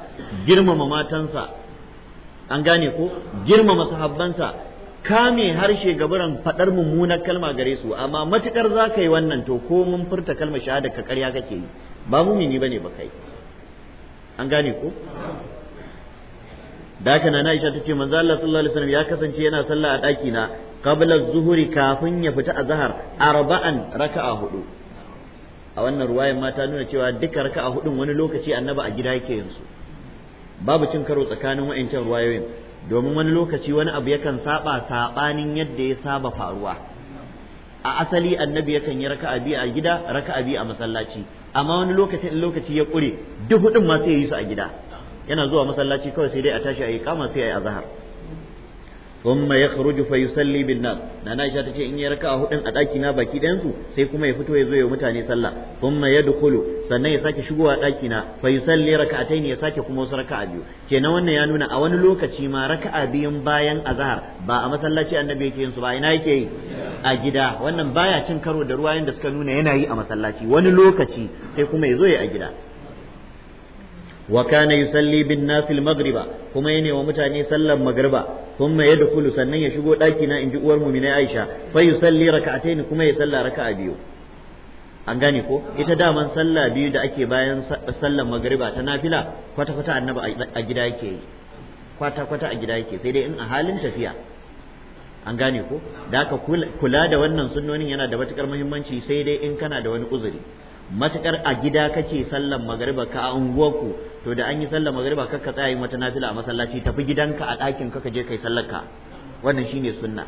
girmama matansa an gane ko girmama sahabbansa kame harshe gaburan faɗar mummunar kalma gare su amma matukar za ka yi wannan to ko mun furta kalmar shahada ka ƙarya kake yi ba mumini bane ba kai an gane ko da haka na Aisha tace manzo Allah sallallahu alaihi wasallam ya kasance yana sallah a ɗaki na قبل zuhuri kafin ya fita azahar zahar arba'an raka'a hudu a wannan ruwayar ma nuna cewa duka raka'a hudun wani lokaci annaba a gida yake yanzu babu cin karo tsakanin wa'ancan ruwayoyin domin wani lokaci wani abu yakan saba sabanin yadda ya saba faruwa a asali annabi yakan yi raka'a biyu a gida raka'a biyu a masallaci amma wani lokacin lokaci ya kure duk hudun ma sai ya yi su a gida yana zuwa masallaci kawai sai dai a tashi a yi kama sai a yi azhar thumma yakhruju fa yusalli bin nas nana Aisha tace in ya raka'a hudun a daki na baki ɗayan su sai kuma ya fito ya zo ya mutane sallah thumma dukulu sannan ya sake shigowa daki na fa yusalli raka'atayn ya sake kuma wasu raka'a biyu kenan wannan ya nuna a wani lokaci ma raka'a biyun bayan azhar ba a masallaci annabi yake yin su ba ina yake yi a gida wannan baya cin karo da ruwayen da suka nuna yana yi a masallaci wani lokaci sai kuma ya zo ya a gida wa kana yusalli bin nafil magriba kuma yana wa mutane sallar magariba. thumma yadkhulu sannan ya shigo daki na inji uwar mu'mina Aisha fa yusalli rak'atayn kuma ya salla raka'a biyu an gane ko ita daman sallah biyu da ake bayan sallar magriba ta nafila kwata kwata annaba a gida yake yi kwata kwata a gida yake sai dai in a halin tafiya an gane ko da haka kula da wannan sunnonin yana da matukar muhimmanci sai dai in kana da wani uzuri matukar a gida kake sallan magariba ka a unguwarku to da an yi sallan magariba kar ka tsaya yin wata nafila a masallaci tafi gidanka a ɗakin ka je kai sallar ka wannan shine sunna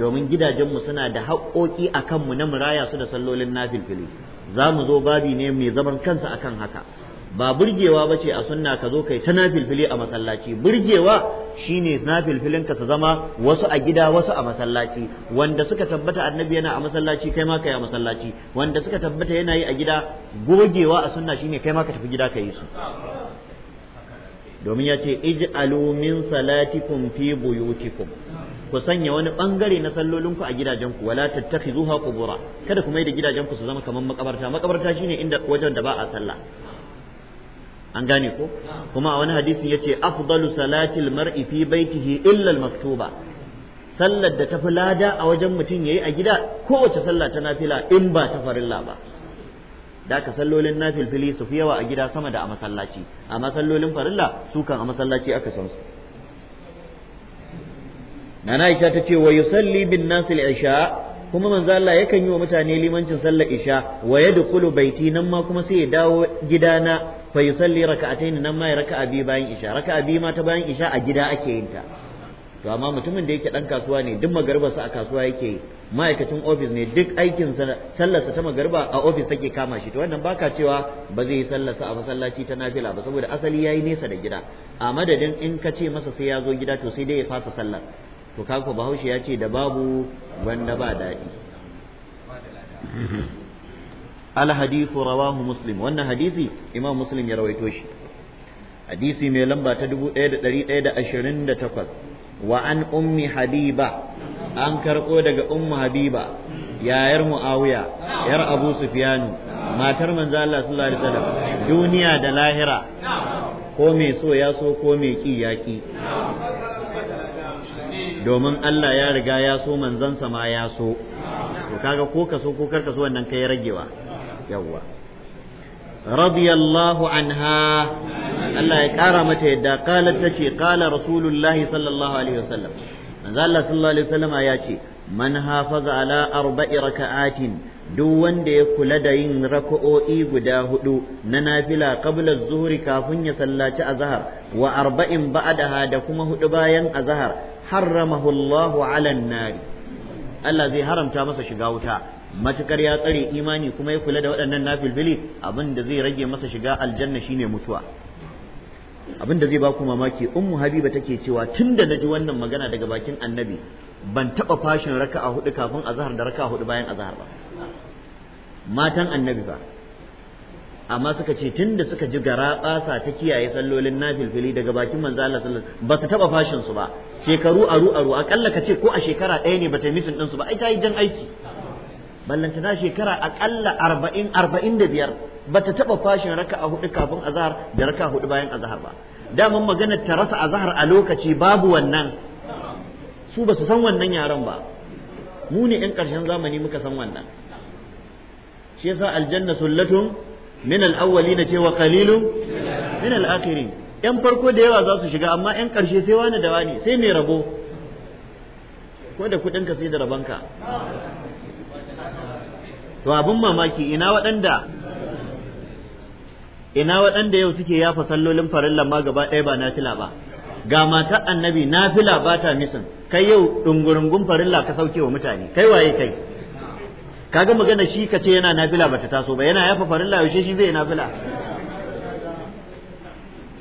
domin gidajenmu suna da haƙoƙi a kanmu na muraya su da sallolin nafilfili za mu zo babi ne mai zaman kansa akan haka ba burgewa ba ce a sunna ka zo kai ta nafilfili a masallaci burgewa shine nafilfilin ka su zama wasu a gida wasu a masallaci wanda suka tabbata annabi yana a masallaci kai ma kai a masallaci wanda suka tabbata yana yi a gida gogewa a sunna shine kai ma ka tafi gida ka yi su domin ya ce ij'alu min salatikum fi buyutikum ku sanya wani bangare na sallolinku a gidajenku wala tattakhizuha qubura kada ku mai da gidajenku su zama kamar makabarta makabarta shine inda wajen da ba a sallah an gane ko kuma a wani hadisin yace afdalu salatil mar'i fi baitihi illa al-maktuba sallar da tafi lada a wajen mutum yayi a gida kowace sallah ta nafila in ba ta farilla ba da ka sallolin nafilfili su fi yawa a gida sama da a masallaci amma sallolin farilla su kan a masallaci aka san su nana Aisha ta ce wa yusalli bin nasil isha kuma manzo Allah yakan yi wa mutane limancin sallar isha wa yadkhulu baiti nan ma kuma sai ya dawo gidana fa yusalli rak'atayn nan ma ya raka'a bi bayan isha raka'a bi ma ta bayan isha a gida ake yin ta to amma mutumin da yake dan kasuwa ne duk sa a kasuwa yake ma'aikacin ofis ne duk aikin sa ta magarba a ofis take kama shi to wannan baka cewa ba zai yi sallarsa a masallaci ta nafila ba saboda asali yayi nesa da gida a madadin in ka ce masa sai ya zo gida to sai dai ya fasa sallar to bahaushe ya ce da babu wanda ba daɗi Rawahu Muslim. Wannan hadisi Imam Muslim ya rawaito shi. Hadisi mai lamba ta 1128 wa an ummi habiba an karɓo daga ummu habiba yayar muawiya yar abu sufyanu matar manzo Allah sallallahu alaihi wasallam duniya da lahira ko mai so ya so ko mai ki ya ki domin Allah ya riga ya so manzansa ma ya so to kaga ko ka so ko kar ka so wannan kai ragewa yawwa radiyallahu anha Allah ya kara mata yadda qalat tace qala rasulullahi sallallahu alaihi wasallam manzo Allah sallallahu alaihi wasallama ya ce man hafaza ala arba'i raka'atin duk wanda ya kula da yin raka'o'i guda hudu na nafila qabla zuhri kafin ya sallaci azhar wa arba'in ba'daha da kuma hudu bayan azhar harramahu Allahu 'alan nar Allah zai haramta masa shiga wuta matukar ya tsare imani kuma ya kula da waɗannan nafilbili abin da zai rage masa shiga aljanna shine mutuwa abin da zai ba ku mamaki ummu habiba take cewa tunda ji wannan magana daga bakin annabi ban taɓa fashin raka'a hudu kafin azahar da raka'a hudu bayan azhar ba matan annabi ba amma suka ce tun da suka ji gara ɓasa ta kiyaye sallolin nafilfili daga bakin manzo Allah sallallahu alaihi wasallam ba su taba fashin su ba shekaru aru aru akalla ka ce ko a shekara ɗaya ne ba ta yi misin ɗinsu ba ai ta yi jan aiki ballanta na shekara akalla arba'in arba'in da biyar ba ta taɓa fashin raka a hudu kafin azahar da raka hudu bayan azahar ba daman magana ta rasa azahar a lokaci babu wannan su ba su san wannan yaren ba mu ne 'yan ƙarshen zamani muka san wannan shi yasa aljanna sullatun min al-awwalina ce wa qalilun min al yan farko da yawa za su shiga amma yan karshe sai wani da wani sai mai rabo ko da kudin ka sai da rabanka to abin mamaki ina waɗanda ina waɗanda yau suke yafa sallolin farillan ma gaba ɗaya ba nafila ba ga matar annabi nafila ba ta misin kai yau ɗungurungun farilla ka sauke wa mutane kai waye kai kaga magana shi ka ce yana nafila bata taso ba yana yafa farilla yaushe shi zai nafila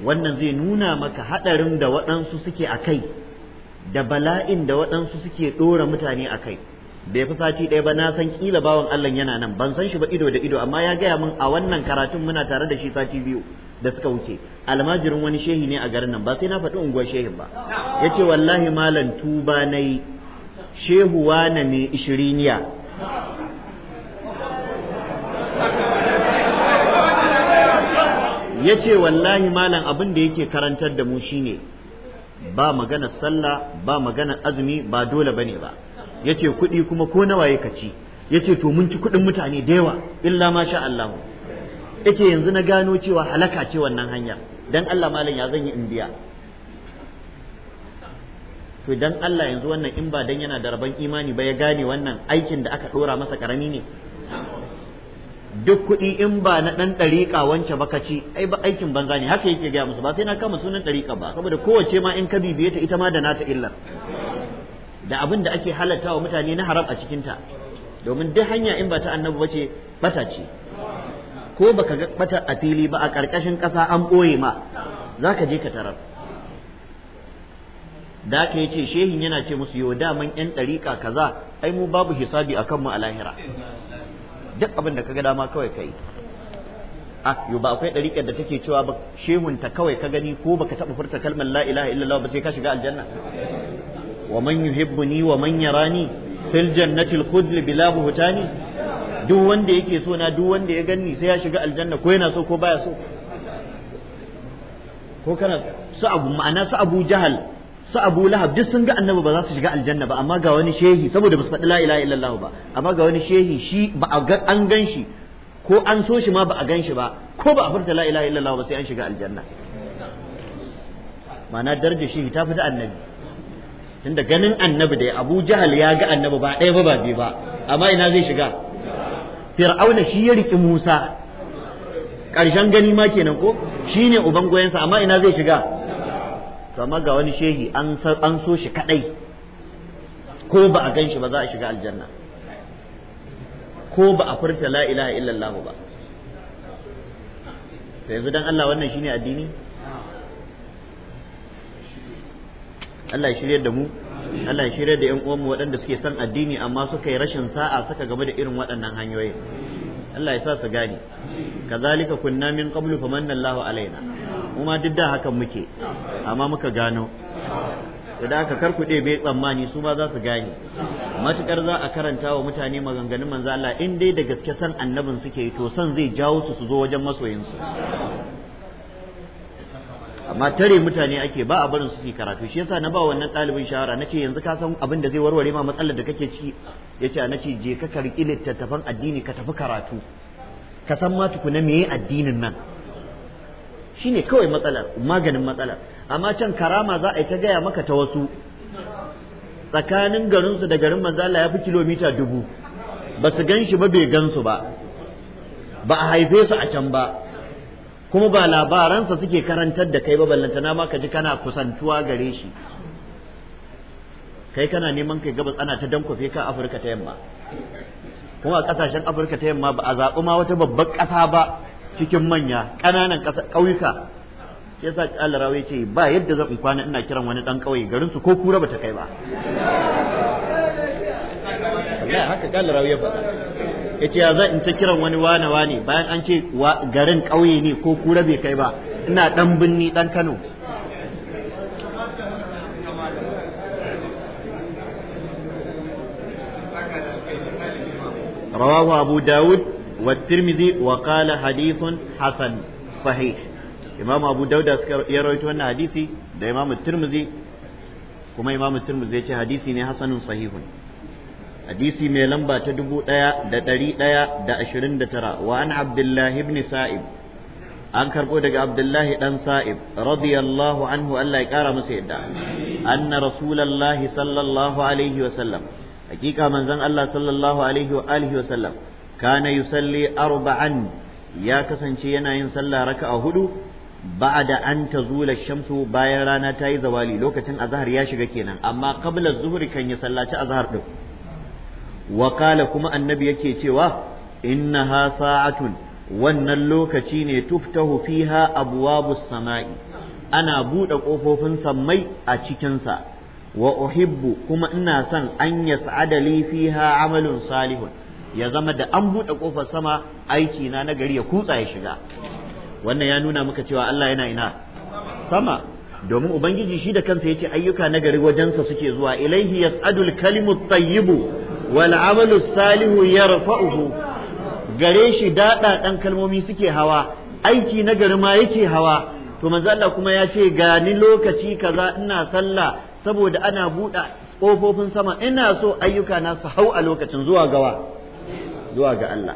wannan zai nuna maka hadarin da waɗansu suke a kai da bala'in da waɗansu suke ɗora mutane a kai bai fi sati ɗaya ba na san kila bawan Allah yana nan ban san shi ba ido da ido amma ya gaya min a wannan karatun muna tare da shi sati biyu da suka wuce almajirin wani shehi ne a garin nan ba sai na faɗi unguwar shehin ba yace wallahi malam tuba nayi shehu na ne ishiriniya yace wallahi malam abin da yake karantar da mu shine ba magana sallah ba magana azumi ba dole bane ba yace kuɗi kuma ko nawa ya kaci yace to mun ci kuɗin mutane da yawa illa ma sha Allah yake yanzu na gano cewa halaka ce wannan hanya dan Allah malam ya zan yi indiya to dan Allah yanzu wannan in ba dan yana da rabon imani ba ya gane wannan aikin da aka ɗora masa karami ne duk kuɗi in ba na ɗan ɗariƙa wance ba ka ci. ba aikin banza ne haka yake gaya musu ba sai na kama sunan ɗariƙa ba saboda kowace ma in ka bibiye ta ita ma da nata illar da abin da ake halatta wa mutane na haram a cikinta domin duk hanya in ba ta annabi ce bata ce ko baka ga bata a fili ba a ƙarƙashin ƙasa an ɓoye ma za ka je ka tarar da aka yace shehin yana ce musu yo daman yan ɗariƙa kaza ai mu babu hisabi a kanmu a lahira duk abin da kaga dama kawai kai a ah, yo ba akwai ɗariƙar da take cewa ba shehunta kawai ka gani ko baka taɓa furta kalmar la ilaha illallah ba sai ka shiga aljanna wa man yuhibbuni wa man yarani fil jannati al khudl bila buhtani duk wanda yake so na duk wanda ya ganni sai ya shiga aljanna ko yana so ko baya so ko kana su abu ma'ana su abu jahal su Abu Lahab duk sun ga annabi ba za su shiga aljanna ba amma ga wani shehi saboda ba su faɗi la ilaha illallah ba amma ga wani shehi shi ba a ga an gan shi ko an so shi ma ba a gan shi ba ko ba a furta la ilaha illallah ba sai an shiga aljanna ma'ana darje shehi ta fi da annabi tunda ganin annabi da Abu Jahal ya ga annabi ba ɗaya ba ba biyu ba amma ina zai shiga Fir'auna shi ya riki Musa ƙarshen gani ma kenan ko shine ubangoyensa amma ina zai shiga to amma ga wani shehi an so shi kadai ko ba a gan shi ba za a shiga aljanna ko ba a furta la ilaha illallah ba to yanzu dan Allah wannan shine addini Allah ya shiryar da mu Allah ya shiryar da ƴan uwanmu waɗanda suke son addini amma suka yi rashin sa'a suka game da irin waɗannan hanyoyin Allah ya sa su gane kazalika kunna min qablu famanna Allahu alaina kuma duk da hakan muke amma muka gano da aka karkuɗe bai tsammani su ma za su gane matukar za a karanta wa mutane maganganun manzo Allah in dai da gaske san annabin suke yi to san zai jawo su su zo wajen su amma tare mutane ake ba a barin su su karatu shi yasa na ba wannan ɗalibin shawara nace yanzu ka san abin da zai warware ma matsalar da kake ciki yace nace je ka karki littattafan addini ka tafi karatu ka san ma tukuna meye addinin nan shine kawai matsalar maganin matsalar amma can karama za a yi ta gaya maka ta wasu tsakanin garinsu da garin manzo Allah ya fi kilomita dubu ba su gan shi ba bai gan su ba ba a haife su a can ba kuma ba labaransa suke karantar da kai ba ballantana ma ka ji kana kusantuwa gare shi kai kana neman kai gabas ana ta dankwafe ka Afirka ta yamma kuma a kasashen Afirka ta yamma ba a zaɓi ma wata babbar ƙasa ba cikin manya ƙananan ƙauyuka shi sa Allah ya ce ba yadda zan kwana ina kiran wani ɗan ƙauye garinsu ko kura bata kai ba Allah haka Allah rawaye ba yace ya zan in ta kiran wani wane wane bayan an ce garin ƙauye ne ko kura bai kai ba ina ɗan binni ɗan Kano رواه Abu Dawud. والترمذي وقال حديث حسن صحيح إمام أبو داود يروي أن حديثي ده إمام الترمذي كما إمام الترمذي يقول حديثي حسن صحيح حديثي من لمبا تدبو ديا دا تري ديا دا أشرين دا ترى وعن عبد الله بن سائب an karɓo daga abdullahi ɗan sa'ib radiyallahu anhu Allah ya ƙara masa yadda anna rasulallahi sallallahu alaihi wa sallam hakika manzon Allah sallallahu alaihi wa alihi wa sallam kana yusalli arba'an ya kasance yana yin sallah a hudu ba'da an zula shamsu bayan rana ta yi zawali lokacin azahar ya shiga kenan amma kabla zuhuri kan ya sallaci azahar din wa kuma annabi yake cewa innaha sa'atun wannan lokaci ne tuftahu fiha abwabus sama'i ana buɗe ƙofofin sammai a cikinsa wa uhibbu kuma ina son an yas'ada fiha amalun salihun ya zama da an buɗe ƙofar sama aiki na na gari ya kutsa ya shiga wannan ya nuna muka cewa Allah yana ina sama domin ubangiji shi da kansa yace ayyuka na gari wajensa suke zuwa ilaihi yas'adul kalimut tayyibu wal amalu salihu yarfa'uhu gare shi daɗa ɗan kalmomi suke hawa aiki na gari ma yake hawa to manzo Allah kuma ya ce gani lokaci kaza ina sallah saboda ana buɗe ƙofofin sama ina so ayyuka na su hau a lokacin zuwa gawa zuwa ga Allah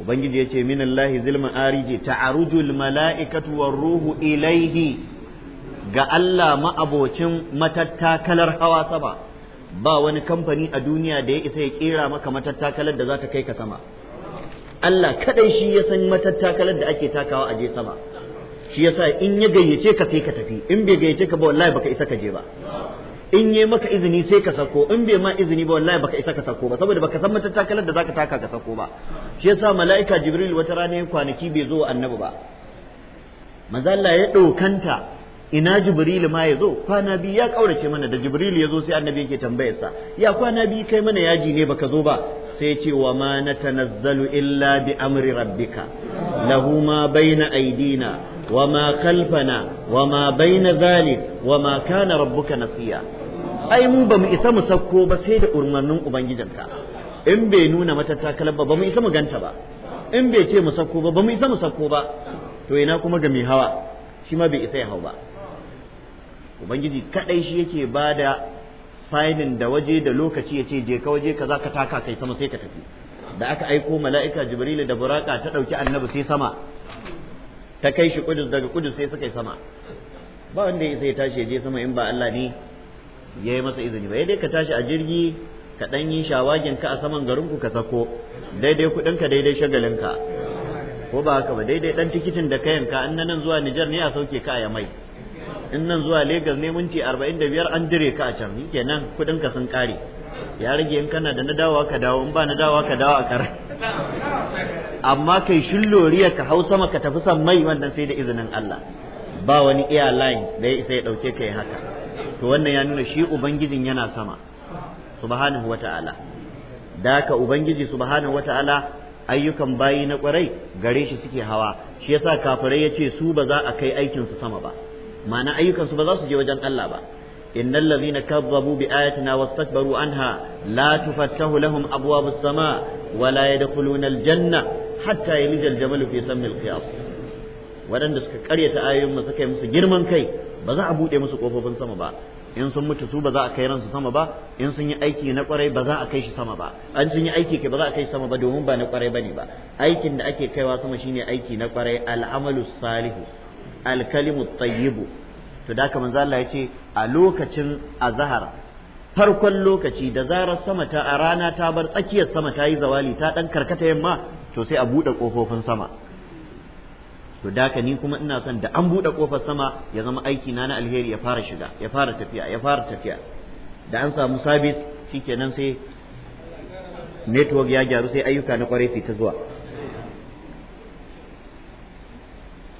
ubangiji yace minallahi zilma arije ta ta'arujul mala'ikatu war ruhu ilaihi ga Allah ma'abocin matattakalar hawa sama ba wani kamfani a duniya da ya isa ya kera maka matattakalar da za ta kai ka sama Allah kadai shi ya san matattakalar da ake takawa a je sama shi yasa in ya gayyace ka sai ka tafi in bai gayyace ka ba wallahi baka isa ka je ba in yi maka izini sai ka sako in bai ma izini ba wallahi baka isa ka sako ba saboda baka san takalar da zaka taka ka sako ba shi yasa mala'ika jibril wata rana ya kwanaki bai zo annabi ba manzo Allah ya dokanta ina jibril ma ya zo kwana biyu ya kaurace mana da jibril ya zo sai annabi yake tambayar sa ya kwana biyu kai mana yaji ne baka zo ba sai ce wa ma natanazzalu illa bi amri rabbika lahu ma baina aidina وما خلفنا وما بين ذلك وما كان ربك نسيا ai mu mu isa mu sakko ba sai da umarnin ubangijinka in bai nuna mata takalar ba bamu isa mu ganta ba in bai ce mu sakko ba bamu isa mu sakko ba to ina kuma ga mai hawa shi ma bai isa ya hau ba ubangiji kadai shi yake bada sainin da waje da lokaci ya ce je ka waje kaza ka taka kai sama sai ka tafi da aka aiko mala'ika jibrilu da buraka ta dauki annabi sai sama ta kai shi kudus daga kudus sai suka yi sama ba wanda ya sai tashi je sama in ba Allah ne ya yi masa izini ba ya dai ka tashi a jirgi ka ɗan yi shawagin ka a saman garin ku ka sako daidai kuɗinka ka daidai shagalin ka ko ba haka ba daidai dan tikitin da ka yanka an nan zuwa Nijar ne a sauke ka a Yamai in nan zuwa Legas ne minti 45 an dire ka a can kenan kudin ka sun kare ya rage in kana da na dawowa ka dawo in ba na dawowa ka dawo a kar amma kai shilloriya ka hau sama ka tafi san mai wannan sai da izinin Allah ba wani airline da ya isa ya dauke ka haka to wannan ya nuna shi ubangijin yana sama subhanahu wata'ala da ka ubangiji subhanahu wata'ala ayyukan bayi na kwarai gare shi suke hawa shi yasa kafirai yace su ba za a kai aikin su sama ba ma'ana ayyukan su ba za su je wajen Allah ba innal ladhina kadzabu bi ayatina wastakbaru anha la tufattahu lahum abwabus sama wala la yadkhuluna aljanna hatta yalijal jabalu fi sammil qiyas waɗanda suka karyata ayoyin mu suka yi musu girman kai ba za a buɗe musu kofofin sama ba in sun mutu su ba za a kai ransu sama ba in sun yi aiki na kwarai ba za a kai shi sama ba an sun yi aiki ke ba za a kai sama ba domin ba na kwarai bane ba aikin da ake kaiwa sama shine aiki na kwarai al'amalu salihu Alkalimu kalimu tayyibu to da haka manzo Allah yace a lokacin azhar farkon lokaci da zarar sama ta a rana ta bar tsakiyar sama ta yi zawali ta dan karkata yamma to sai a buɗe ƙofofin sama to daka ni kuma ina son da an buɗe ƙofar sama ya zama aiki na na alheri ya fara shiga ya fara tafiya ya fara tafiya da an samu sabis shikenan sai network ya gyaru sai ayyuka na kwarai sai ta zuwa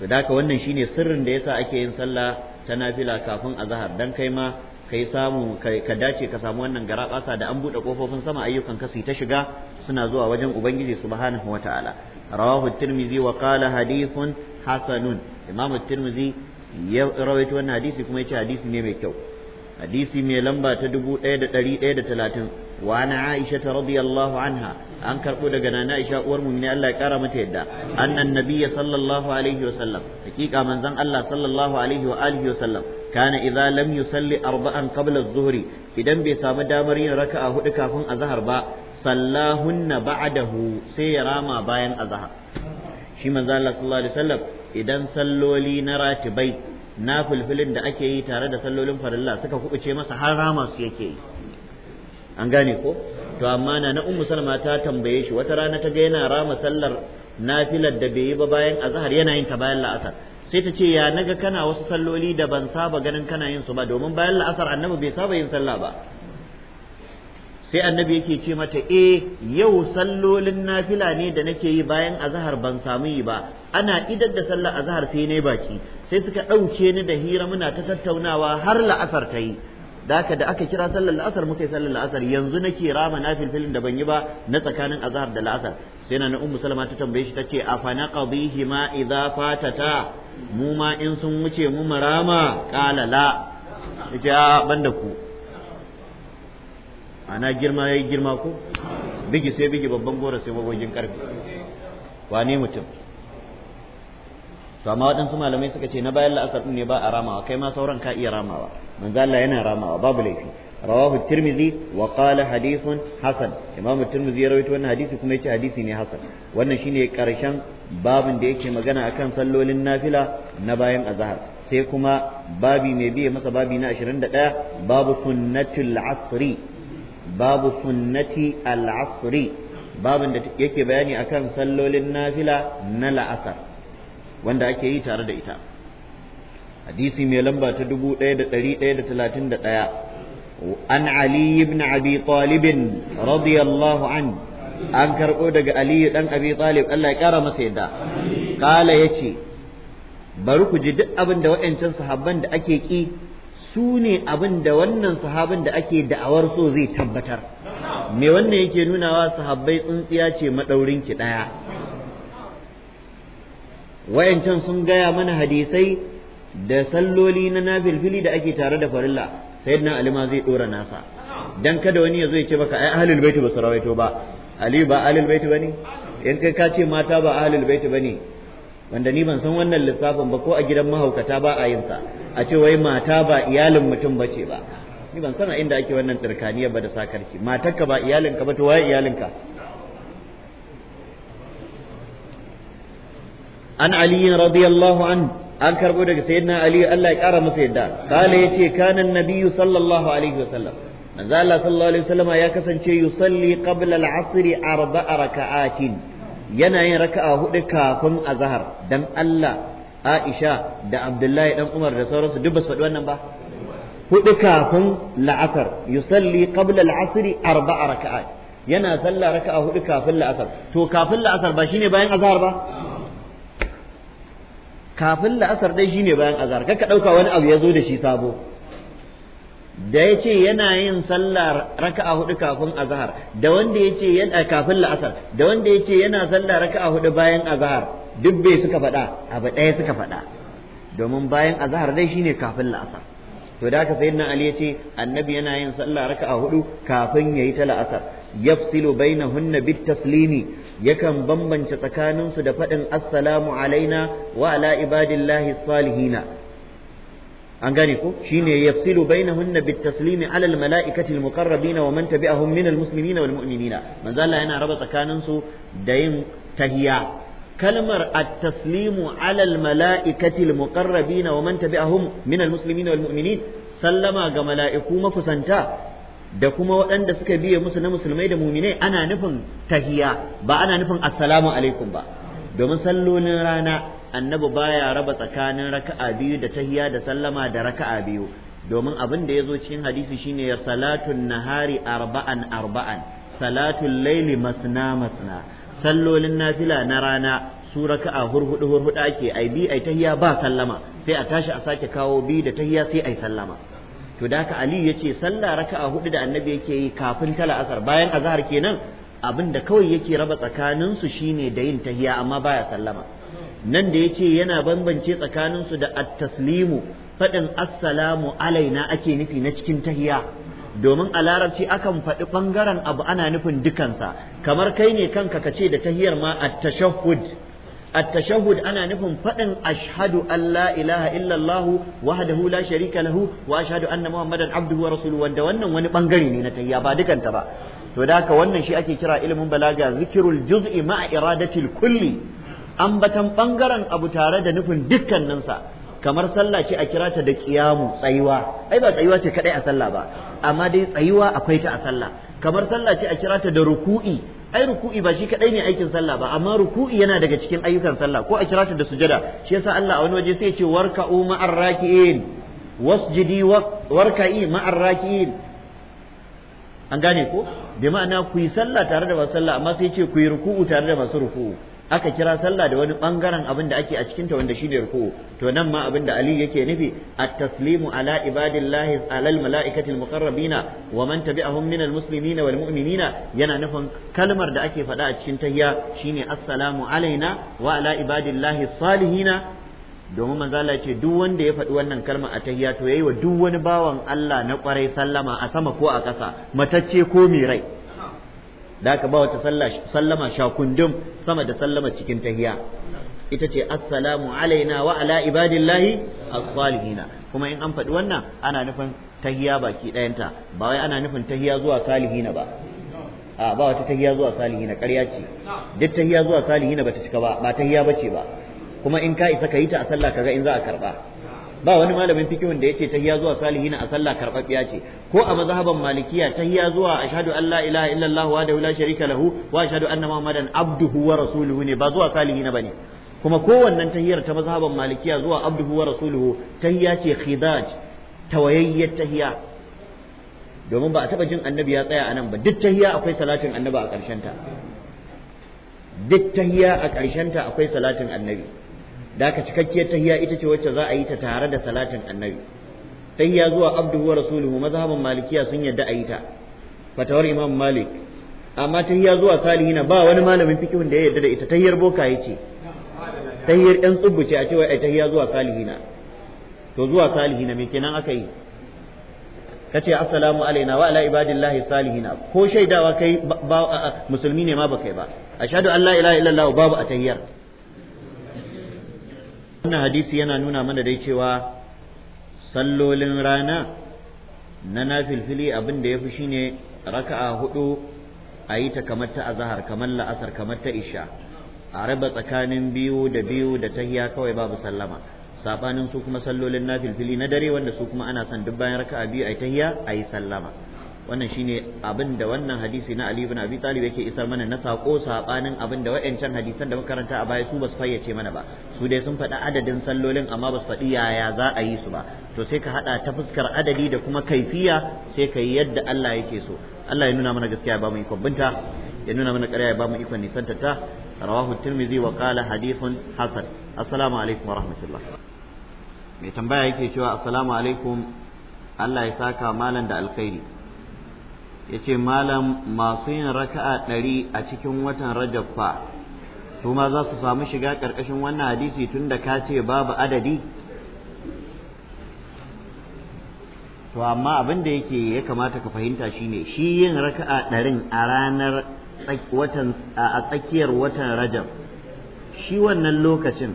to daka wannan shine sirrin da yasa ake yin sallah ta nafila kafin azhar dan kai ma kai samu ka dace ka samu wannan gara da an buɗe kofofin sama ayyukan ka su ta shiga suna zuwa wajen ubangiji subhanahu wataala rawahu tirmizi wa qala hadithun hasanun imamu tirmizi ya rawaito wannan hadisi kuma yace hadisi ne mai kyau hadisi mai lamba ta dubu da 1130 wa ana aisha radiyallahu anha an karbo daga nana aisha uwar mu ne Allah ya mata yadda annan nabiyya sallallahu alaihi wa sallam hakika manzon Allah sallallahu alaihi wa alihi wa sallam kana idza lam yusalli arba'an qabla adh idan bai samu damar yin raka a hudu kafin azhar ba hunna sallahunna hu sai ya rama bayan azhar shi manzon Allah sallallahu alaihi idan salloli na ratibai na fulfilin da ake yi tare da sallolin farilla suka kubuce masa har rama su yake yi an gane ko to amma na na ummu salma ta tambaye shi wata rana ta ga yana rama sallar nafilar da bai yi ba bayan azhar yana yin ta bayan la'asar sai ta ce ya naga kana wasu salloli da ban saba ganin kana yin su ba domin bayan la'asar annabi bai saba yin sallah ba sai annabi yake ce mata eh yau sallolin nafila ne da nake yi bayan azhar ban samu yi ba ana idar da sallar azhar sai ne baki sai suka ɗauke ni da hira muna ta tattaunawa har la'asar ta yi da haka da aka kira sallar la'asar muka yi sallar la'asar yanzu nake rama na filfilin da ban yi ba na tsakanin azhar da la'asar sai na ummu salama ta tambaye shi tace afana qadihi ma idza fatata mu ma in sun wuce mu marama qala la yace a banda ku ana girma yayi girma ko bigi sai bigi babban gora sai magogin karfi wane mutum to amma waɗansu malamai suka ce na bayan la'asar ne ba a ramawa kai ma sauran ka iya ramawa manzo Allah yana ramawa babu laifi rawahu tirmidhi wa qala hadithun hasan imamu tirmidhi ya rawaito wannan hadisi kuma yace hadisi ne hasan wannan shine karshen babin da yake magana akan sallolin nafila na bayan azhar sai kuma babi mai biye masa babi na 21 babu sunnatul asri babu sunnati al asri babin da yake bayani akan sallolin nafila na la'asar wanda ake yi tare da ita hadisi mai lamba ta 1131 an ali ibn abi talib radiyallahu an an karɓo daga ali dan abi talib Allah ya kara masa yadda kala yace bari ku ji duk abin da waɗancan sahabban da ake ki su ne abin da wannan sahabin da ake da'awar so zai tabbatar me wannan yake nunawa sahabbai tsintsiya ce maɗaurin ki ɗaya wayancan sun gaya mana hadisai da salloli na nafilfili da ake tare da farilla sayyidina ali ma zai dora nasa dan kada wani ya zo ya ce maka ai ahlul baiti ba su rawaito ba ali ba ahlul baiti bane in kai ka ce mata ba ahlul baiti bane wanda ni ban san wannan lissafin ba ko a gidan mahaukata ba a yin sa a ce wai mata ba iyalin mutum bace ba ni ban san a inda ake wannan tsirkaniyar ba da sakarki matarka ba iyalinka ba to waye iyalinka an ali radiyallahu an an karbo daga sayyidina ali Allah ya kara masa yadda kale yace kana nabiyyu sallallahu alaihi wasallam manzo Allah sallallahu alaihi wasallam ya kasance yusalli qabla al-asr arba'a raka'atin yana yin raka'a hudu kafin azhar dan Allah Aisha da Abdullahi dan Umar da sauransu duk ba su faɗi wannan ba hudu kafin la'asar yusalli qabla al-asr arba'a raka'at yana sallah raka'a hudu kafin la'asar to kafin la'asar ba shine bayan azhar ba kafin la'asar dai shine bayan azhar ka ɗauka wani abu ya zo da shi sabo da ya ce yana yin sallah raka'a hudu kafin azhar da wanda ya ce yana kafin la'asar da wanda ya ce yana sallah raka'a hudu bayan azhar duk bai suka faɗa abu ɗaya suka faɗa domin bayan azhar dai shine kafin la'asar to da haka sayyidina ali ya ce annabi yana yin sallah raka'a hudu kafin yayi ta la'asar yafsilu bainahunna bit taslimi yakan bambance tsakaninsu da faɗin assalamu alaina wa ala ibadillahi salihina an gane ko shine yafsilu bainahunna bitaslimi ala almalaikati almuqarrabina wa man tabi'ahum min almuslimina wal mu'minina manzo Allah yana raba tsakaninsu da yin tahiya kalmar at-taslimu ala al-mala'ikati al-muqarrabin wa man tabi'ahum min al-muslimin wal mu'minin sallama ga mala'iku mafusanta da kuma waɗanda suka biye musu na musulmai da muminai ana nufin tahiya ba ana nufin assalamu alaikum ba domin sallolin rana annabi baya raba tsakanin raka'a biyu da tahiya da sallama da raka'a biyu domin abin da ya zo cikin hadisi shine ya salatun nahari arba'an arba'an salatun laili masna masna sallolin nafila na rana su raka'a hurhudu hurhudu ake ai bi ai tahiya ba sallama sai a tashi a sake kawo bi da tahiya sai ai sallama to da haka ali yace sallah raka'a hudu da annabi yake yi kafin tala asar bayan azhar kenan abin da kawai yake raba tsakanin su shine da yin tahiya amma baya sallama nan da yace yana bambance tsakanin su da at-taslimu fadin assalamu alaina ake nufi na cikin tahiya domin a larabci akan faɗi ɓangaren abu ana nufin dukansa kamar kai ne kanka ka ce da tahiyar ma at-tashahhud التشهد أنا نفهم فأن أشهد أن لا إله إلا الله وحده لا شريك له وأشهد أن محمدا عبده ورسوله وأنت وأنا وأنا بانغري نينا تيا بعدك أنت بقى فذاك وأنا شيء أكي كرا إلم بلاغا ذكر الجزء مع إرادة الكل أم بتم بانغرا أبو تارد نفهم دكا ننسى kamar sallah ce a kira ta da kiyamu tsayuwa ai ba tsayuwa ce kadai a sallah ba amma dai tsayuwa akwai ta a sallah kamar sallah ce a kira ta da ruku'i ai ruku'i ba shi kadai ne aikin sallah ba amma ruku'i yana daga cikin ayyukan sallah ko a kira da sujada shi yasa Allah a wani waje sai ya ce warka'u ma'ar raki'in wasjidi warka'i ma'ar raki'in an gane ko bi ma'ana ku yi sallah tare da masu sallah amma sai ya ce ku yi ruku'u tare da masu ruku'u aka kira sallah da wani bangaren abin da ake a cikinta wanda shi ne ruku to nan ma abin da Ali yake nufi at-taslimu ala ibadillahi ala al-mala'ikati al-muqarrabina wa man tabi'ahum min al-muslimina wal mu'minina yana nufin kalmar da ake faɗa a cikin tahiyya shine assalamu alaina wa ala ibadillahi salihina domin manzo Allah ce duk wanda ya faɗi wannan kalma a tahiyya to yayi wa duk wani bawan Allah na kwarai sallama a sama ko a ƙasa matacce ko mai rai da haka ba wata sallama shakundum sama da sallama cikin tahiya ita ce assalamu alaina wa ala ibadillahi as-salihina kuma in an faɗi wannan ana nufin tahiya baki ɗayanta ba wai ana nufin tahiya zuwa salihina ba a ba wata tahiya zuwa salihina ƙarya ce duk tahiya zuwa salihina bata cika ba ba tahiya bace ba kuma in ka isa ka yi ta a sallah kaga in za a karba. ba wani malamin fikihun da yace tahiya zuwa salihina a sallah karɓaɓɓiya ce ko a mazhaban malikiya tahiya zuwa ashhadu an la ilaha illallah wahdahu la sharika lahu wa ashhadu anna muhammadan abduhu wa rasuluhu ne ba zuwa salihina bane kuma kowannen tahiyar ta mazhaban malikiya zuwa abduhu wa rasuluhu tahiya ce khidaj tawayayyar tahiya. domin ba a taba jin annabi ya tsaya anan ba duk tahiya akwai salatin annabi a ƙarshen ta duk tahiya a ƙarshen ta akwai salatin annabi da ka cikakkiyar tahiya ita ce wacce za a yi ta tare da salatin annabi tahiya zuwa abduhu wa rasuluhu mazhaban malikiya sun yadda a yi ta fatawar imam malik amma tahiya zuwa salihina ba wani malamin fikihun da ya yadda da ita tahiyar boka yace ce tahiyar yan tsubbu ce a cewa ai tahiya zuwa salihina to zuwa salihina me kenan aka yi kace assalamu alaina wa ala ibadillahi salihina ko shaidawa kai musulmi ne ma baka yi ba ashhadu an la ilaha illallah babu a tahiyar wannan hadisi yana nuna mana dai cewa sallolin rana na nafilfili abin da ya fi shine raka'a hudu ayi ta kamar ta azahar kamar la'asar kamar ta isha a raba tsakanin biyu da biyu da tahiya kawai babu sallama sabanin su kuma sallolin nafilfili na dare wanda su kuma ana son duk bayan raka'a biyu a yi tahiya a yi sallama wannan shine abin da wannan hadisi na Ali ibn Abi Talib yake isar mana na sako sabanin abin da wayancan hadisan da muka karanta a baya su basu fayyace mana ba su dai sun faɗi adadin sallolin amma basu faɗi yaya za a yi su ba to sai ka hada ta fuskar adadi da kuma kaifiya sai ka yi yadda Allah yake so Allah ya nuna mana gaskiya ba mu ikon binta ya nuna mana ƙarya ya ba mu ikon nisanta ta rawahu tirmidhi wa qala hadithun hasan assalamu alaikum wa rahmatullah mai tambaya yake cewa assalamu alaikum Allah ya saka malam da alkhairi yace malam masu yin raka'a ɗari a cikin watan rajab fa su ma za su samu shiga ƙarƙashin wannan hadisi tun da ka ce babu adadi to amma abin da yake ya kamata ka fahimta shine shi yin raka'a ɗarin a ranar watan a tsakiyar watan rajab shi wannan lokacin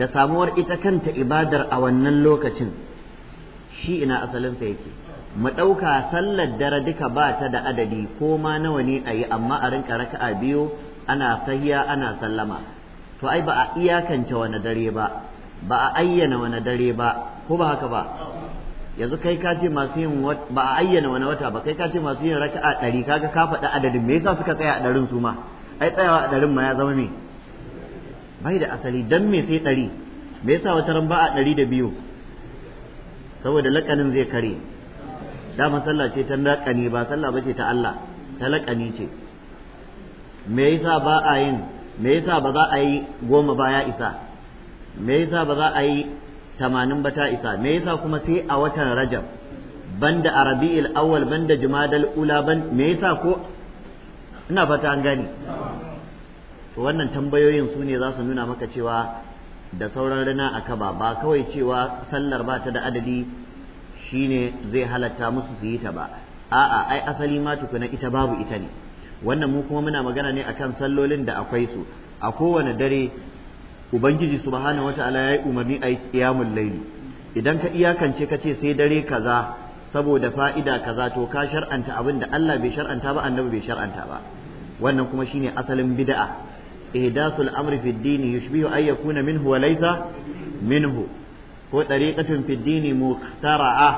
da samuwar ita kanta ibadar a wannan lokacin shi ina asalinsa yake mu ɗauka sallar dare duka ba ta da adadi ko ma nawa ne a yi amma a rinka raka'a biyu ana sahiya ana sallama to ai ba a iyakance wani dare ba ba a ayyana wani dare ba ko ba haka ba yanzu kai ka ce masu yin ba a ayyana wani wata ba kai ka ce masu yin raka'a ɗari kaga ka faɗi adadin me yasa suka tsaya a ɗarin su ma ai tsayawa a ɗarin ma ya zama me bai da asali dan me sai ɗari me yasa wata ran ba a ɗari da biyu saboda lakanin zai kare dama sallah ce ta laƙani ba sallah ce ta Allah ta laƙani ce me yasa ba a yin me yasa ba za a yi goma ba ya isa me yasa ba za a yi tamanin ba ta isa me yasa kuma sai a watan rajab banda arabiyil awwal banda jumadal ula ban me yasa ko ina fata an gani to wannan tambayoyin su ne za su nuna maka cewa da sauran rana aka ba ba kawai cewa sallar ba ta da adadi shine zai halatta musu su yi ta ba a'a ai asali ma tukuna ita babu ita ne wannan mu kuma muna magana ne akan sallolin da akwai su a kowane dare ubangiji subhanahu wataala yi umarni a qiyamul layli idan ka iyakance ka ce sai dare kaza saboda fa'ida kaza to ka shar'anta abin da Allah bai shar'anta ba annabi bai shar'anta ba wannan kuma shine asalin bid'a ihdasul amri fid din yushbihu ay yakuna minhu wa laysa minhu ko tariqatun fi dini muhtara'a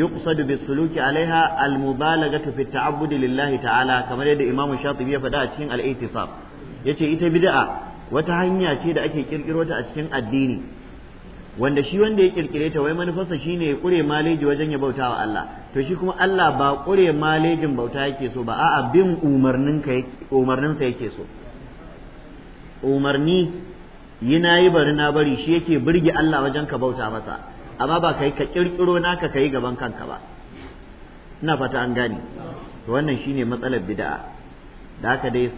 yuqsadu bi alaiha al mubalaghatu fi ta'abbudi lillahi ta'ala kamar yadda imamu shatibi ya faɗa a cikin al ihtisab yace ita bid'a wata hanya ce da ake kirkiro ta a cikin addini wanda shi wanda ya kirkire ta wai manufarsa shine ya kure maleji wajen ya bauta wa Allah to shi kuma Allah ba kure malejin bauta yake so ba a'a bin umarnin ka umarnin sa yake so umarni yi na yi bari na bari shi yake birge Allah wajen ka bauta masa amma ba yi ka kirkiro naka ka yi gaban kanka ba ina fata an gane wannan shine matsalar bid'a da haka dai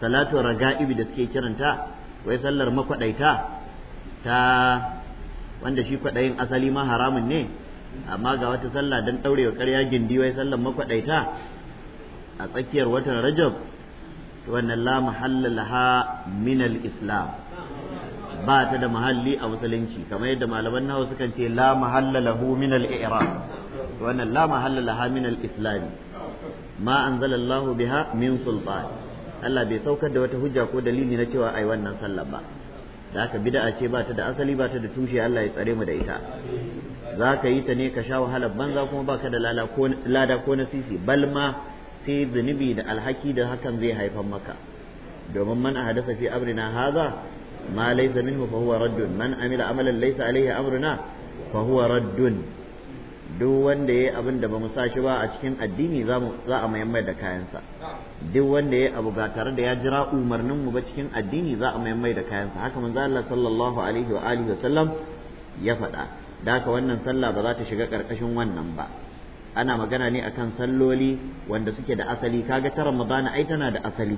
salatu raga'ibi da suke kiranta wai sallar makwadaita ta wanda shi kwadayin asali ma haramun ne amma ga wata sallah dan ɗaurewa ƙarya gindi wai sallar makwaɗaita a tsakiyar watan Rajab wannan la mahalla min islam ba ta da mahalli a musulunci kamar yadda malaman nawa sukan ce la mahalla lahu min al-i'rab wannan la mahalla laha min al-islam ma anzalallahu biha min sultan Allah bai saukar da wata hujja ko dalili na cewa ai wannan sallah ba da haka bid'a ce ba ta da asali ba ta da tushe Allah ya tsare mu da ita za ka yi ta ne ka sha wahalar banza kuma baka da lada ko na sisi bal ma sai zunubi da alhaki da hakan zai haifar maka domin man ahadasa fi amrina haza ما ليس منه فهو رد من عمل عملا ليس عليه أمرنا فهو رد duk wanda ya abin da ba mu shi ba a cikin addini za a mai da kayansa duk wanda ya yi abu ba tare da ya jira umarnin mu ba cikin addini za a mai da kayansa haka manzo Allah sallallahu alaihi wa alihi wasallam ya faɗa da haka wannan sallah ba za ta shiga karkashin wannan ba ana magana ne akan salloli wanda suke da asali kaga ta Ramadana ai tana da asali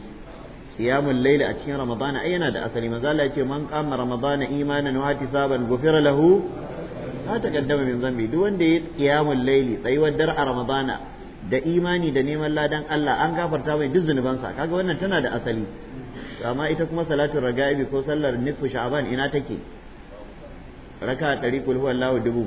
qiyamul Laili a cikin ramadana ai yana da asali manzo Allah yace man qama ramadana imanan wa ihtisaban ghufira lahu ta taqaddama min zambi duk wanda ya qiyamul Laili tsayuwar dar a ramadana da imani da neman ladan Allah an gafarta mai duk sa, kaga wannan tana da asali amma ita kuma salatul raga'ibi ko sallar nisfu sha'ban ina take raka ɗari kul huwallahu dubu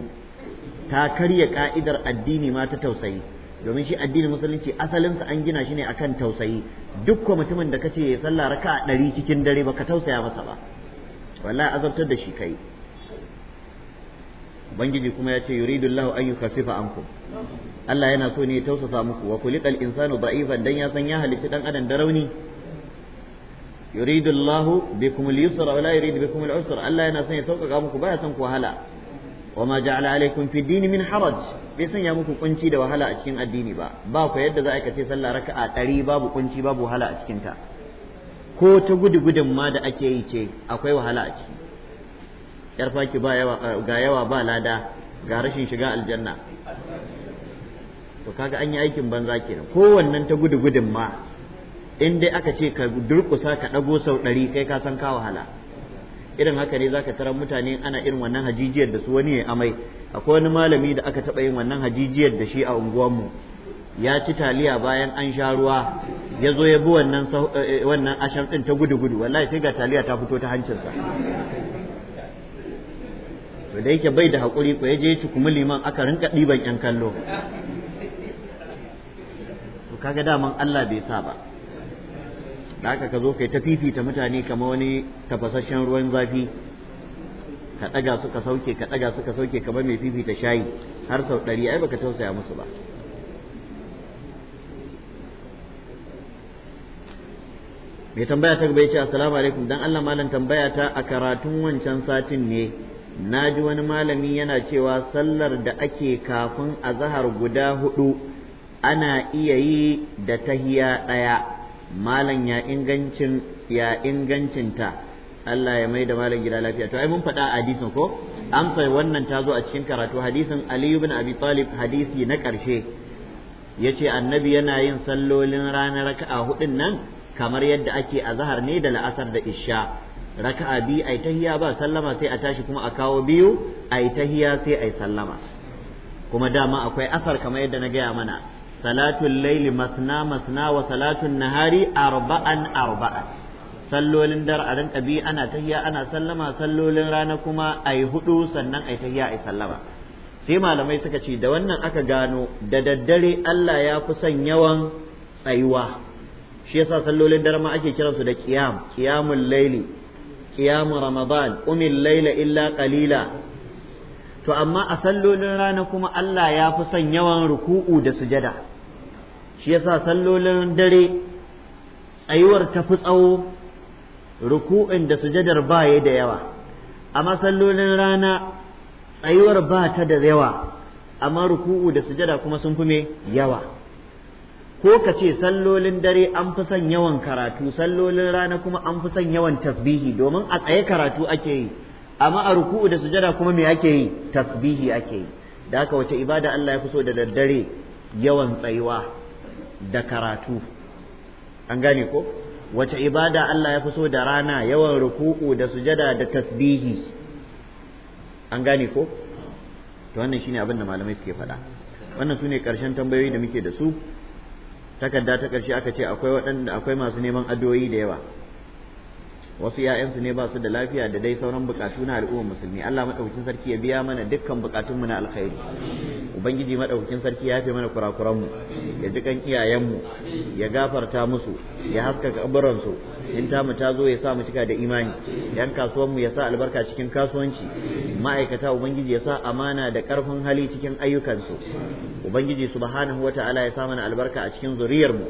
ta karya ka'idar addini ma ta tausayi domin shi addinin musulunci asalinsa an gina shi ne akan tausayi duk ko mutumin da kace ya sallah raka'a ɗari cikin dare baka tausaya masa ba wallahi azabtar da shi kai ubangiji kuma ya ce yuridullahu an yukhaffifa ankum Allah yana so ne ya tausasa muku wa kulikal insanu da'ifan dan ya san ya halicci dan adam da rauni yuridullahu bikum al-yusra wa la yuridu bikum al-usra Allah yana son ya sauƙaƙa muku baya son ku wahala wa ma ja'ala alaikum fi dini min haraj bai sanya muku kunci da wahala a cikin addini ba ba ku yadda za a ce sallah raka'a ɗari babu kunci babu wahala a cikin ta ko ta gudun ma da ake yi ce akwai wahala a ciki yar faki ba yawa ga yawa ba lada ga rashin shiga aljanna to kaga an yi aikin banza kenan wannan ta gudun ma in dai aka ce ka durƙusa ka ɗago sau ɗari kai ka san ka wahala irin haka ne zaka tarar mutane ana irin wannan hajijiyar da su wani ya amai akwai wani malami da aka taɓa yin wannan hajijiyar da shi a unguwanmu ya ci taliya bayan an sha ruwa ya zo ya bi wannan eh, eh, wannan ashar din ta gudu gudu wallahi sai ga taliya ta fito ta hancinsa to da yake bai da hakuri ko ya je kuma liman aka rinka ɗiban yan kallo to kaga daman Allah bai sa ba da haka ka zo kai ta fifita mutane kamar wani tafasasshen ruwan zafi ka ɗaga suka sauke ka ɗaga suka sauke kamar mai fifita shayi har sau ɗari ai baka tausaya musu ba mai tambaya ta gaba ya ce assalamu alaikum dan Allah malam tambaya ta a karatun wancan satin ne na ji wani malami yana cewa sallar da ake kafin a zahar guda hudu ana iya yi da tahiya ɗaya malam ya ingancin ya ingancinta Allah ya mai da malam gida lafiya to ai mun faɗa a hadisin ko amsar wannan ta zo a cikin karatu hadisin Ali ibn Abi Talib hadisi na ƙarshe yace annabi yana yin sallolin ranar raka'a hudun nan kamar yadda ake azhar ne da la'asar da isha raka'a bi ai tahiya ba sallama sai a tashi kuma a kawo biyu ai tahiya sai ai sallama kuma dama akwai asar kamar yadda na gaya mana salatun laili masna masna wa salatun nahari arba'an arba'an sallolin dar a rinka bi ana tahiya ana sallama sallolin rana kuma ai hudu sannan ai tahiya ai sallama sai malamai suka ce da wannan aka gano da daddare Allah ya fi son yawan tsayuwa shi yasa sallolin dare ma ake kiransu da qiyam qiyamul laili qiyam ramadan umil laila illa qalila to amma a sallolin rana kuma Allah ya fi son yawan ruku'u da sujada shi yasa sallolin dare tsayuwar ta fi tsawo ruku'in da sujadar ba ya da yawa amma sallolin rana tsayuwar ba ta da yawa amma ruku'u da sujada kuma sun fi me yawa ko ka ce sallolin dare an fi son yawan karatu sallolin rana kuma an fi son yawan tasbihi domin a tsaye karatu ake yi amma a ruku'u da sujada kuma me ake yi tasbihi ake yi da haka wace ibada Allah ya fi so da daddare yawan tsayuwa da karatu an gane ko wace ibada Allah ya fi so da rana yawan ruku'u da sujada da tasbihi an gane ko to wannan shine abin da malamai suke faɗa wannan sune karshen tambayoyi da muke da su takarda ta karshe aka ce akwai waɗanda akwai masu neman addu'o'i da yawa wasu ‘ya'yansu ne ba su da lafiya da dai sauran bukatu na al'umma musulmi Allah maɗaukakin sarki ya biya mana dukkan mu na alkhairi ubangiji maɗaukakin sarki ya fi mana kurakuranmu ya ji kan iyayenmu ya gafarta musu ya haska kaburansu in ta mu ta zo ya sa mu cika da imani yan kasuwanmu ya sa albarka cikin kasuwanci ma'aikata ubangiji ya sa amana da ƙarfin hali cikin ayyukansu ubangiji subhanahu ta'ala ya sa mana albarka a cikin zuriyarmu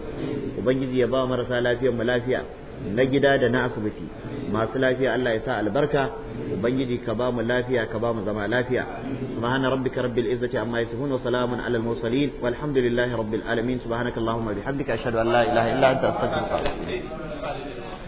ubangiji ya ba marasa lafiyar mu lafiya na gida da na asibiti masu lafiya Allah ya sa albarka ubangiji ka ba mu lafiya ka ba mu zama lafiya subhana rabbika rabbil izzati amma yasifun wa salamun alal mursalin walhamdulillahi rabbil alamin subhanakallahumma bihamdika ashhadu an la ilaha illa anta astaghfiruka wa atubu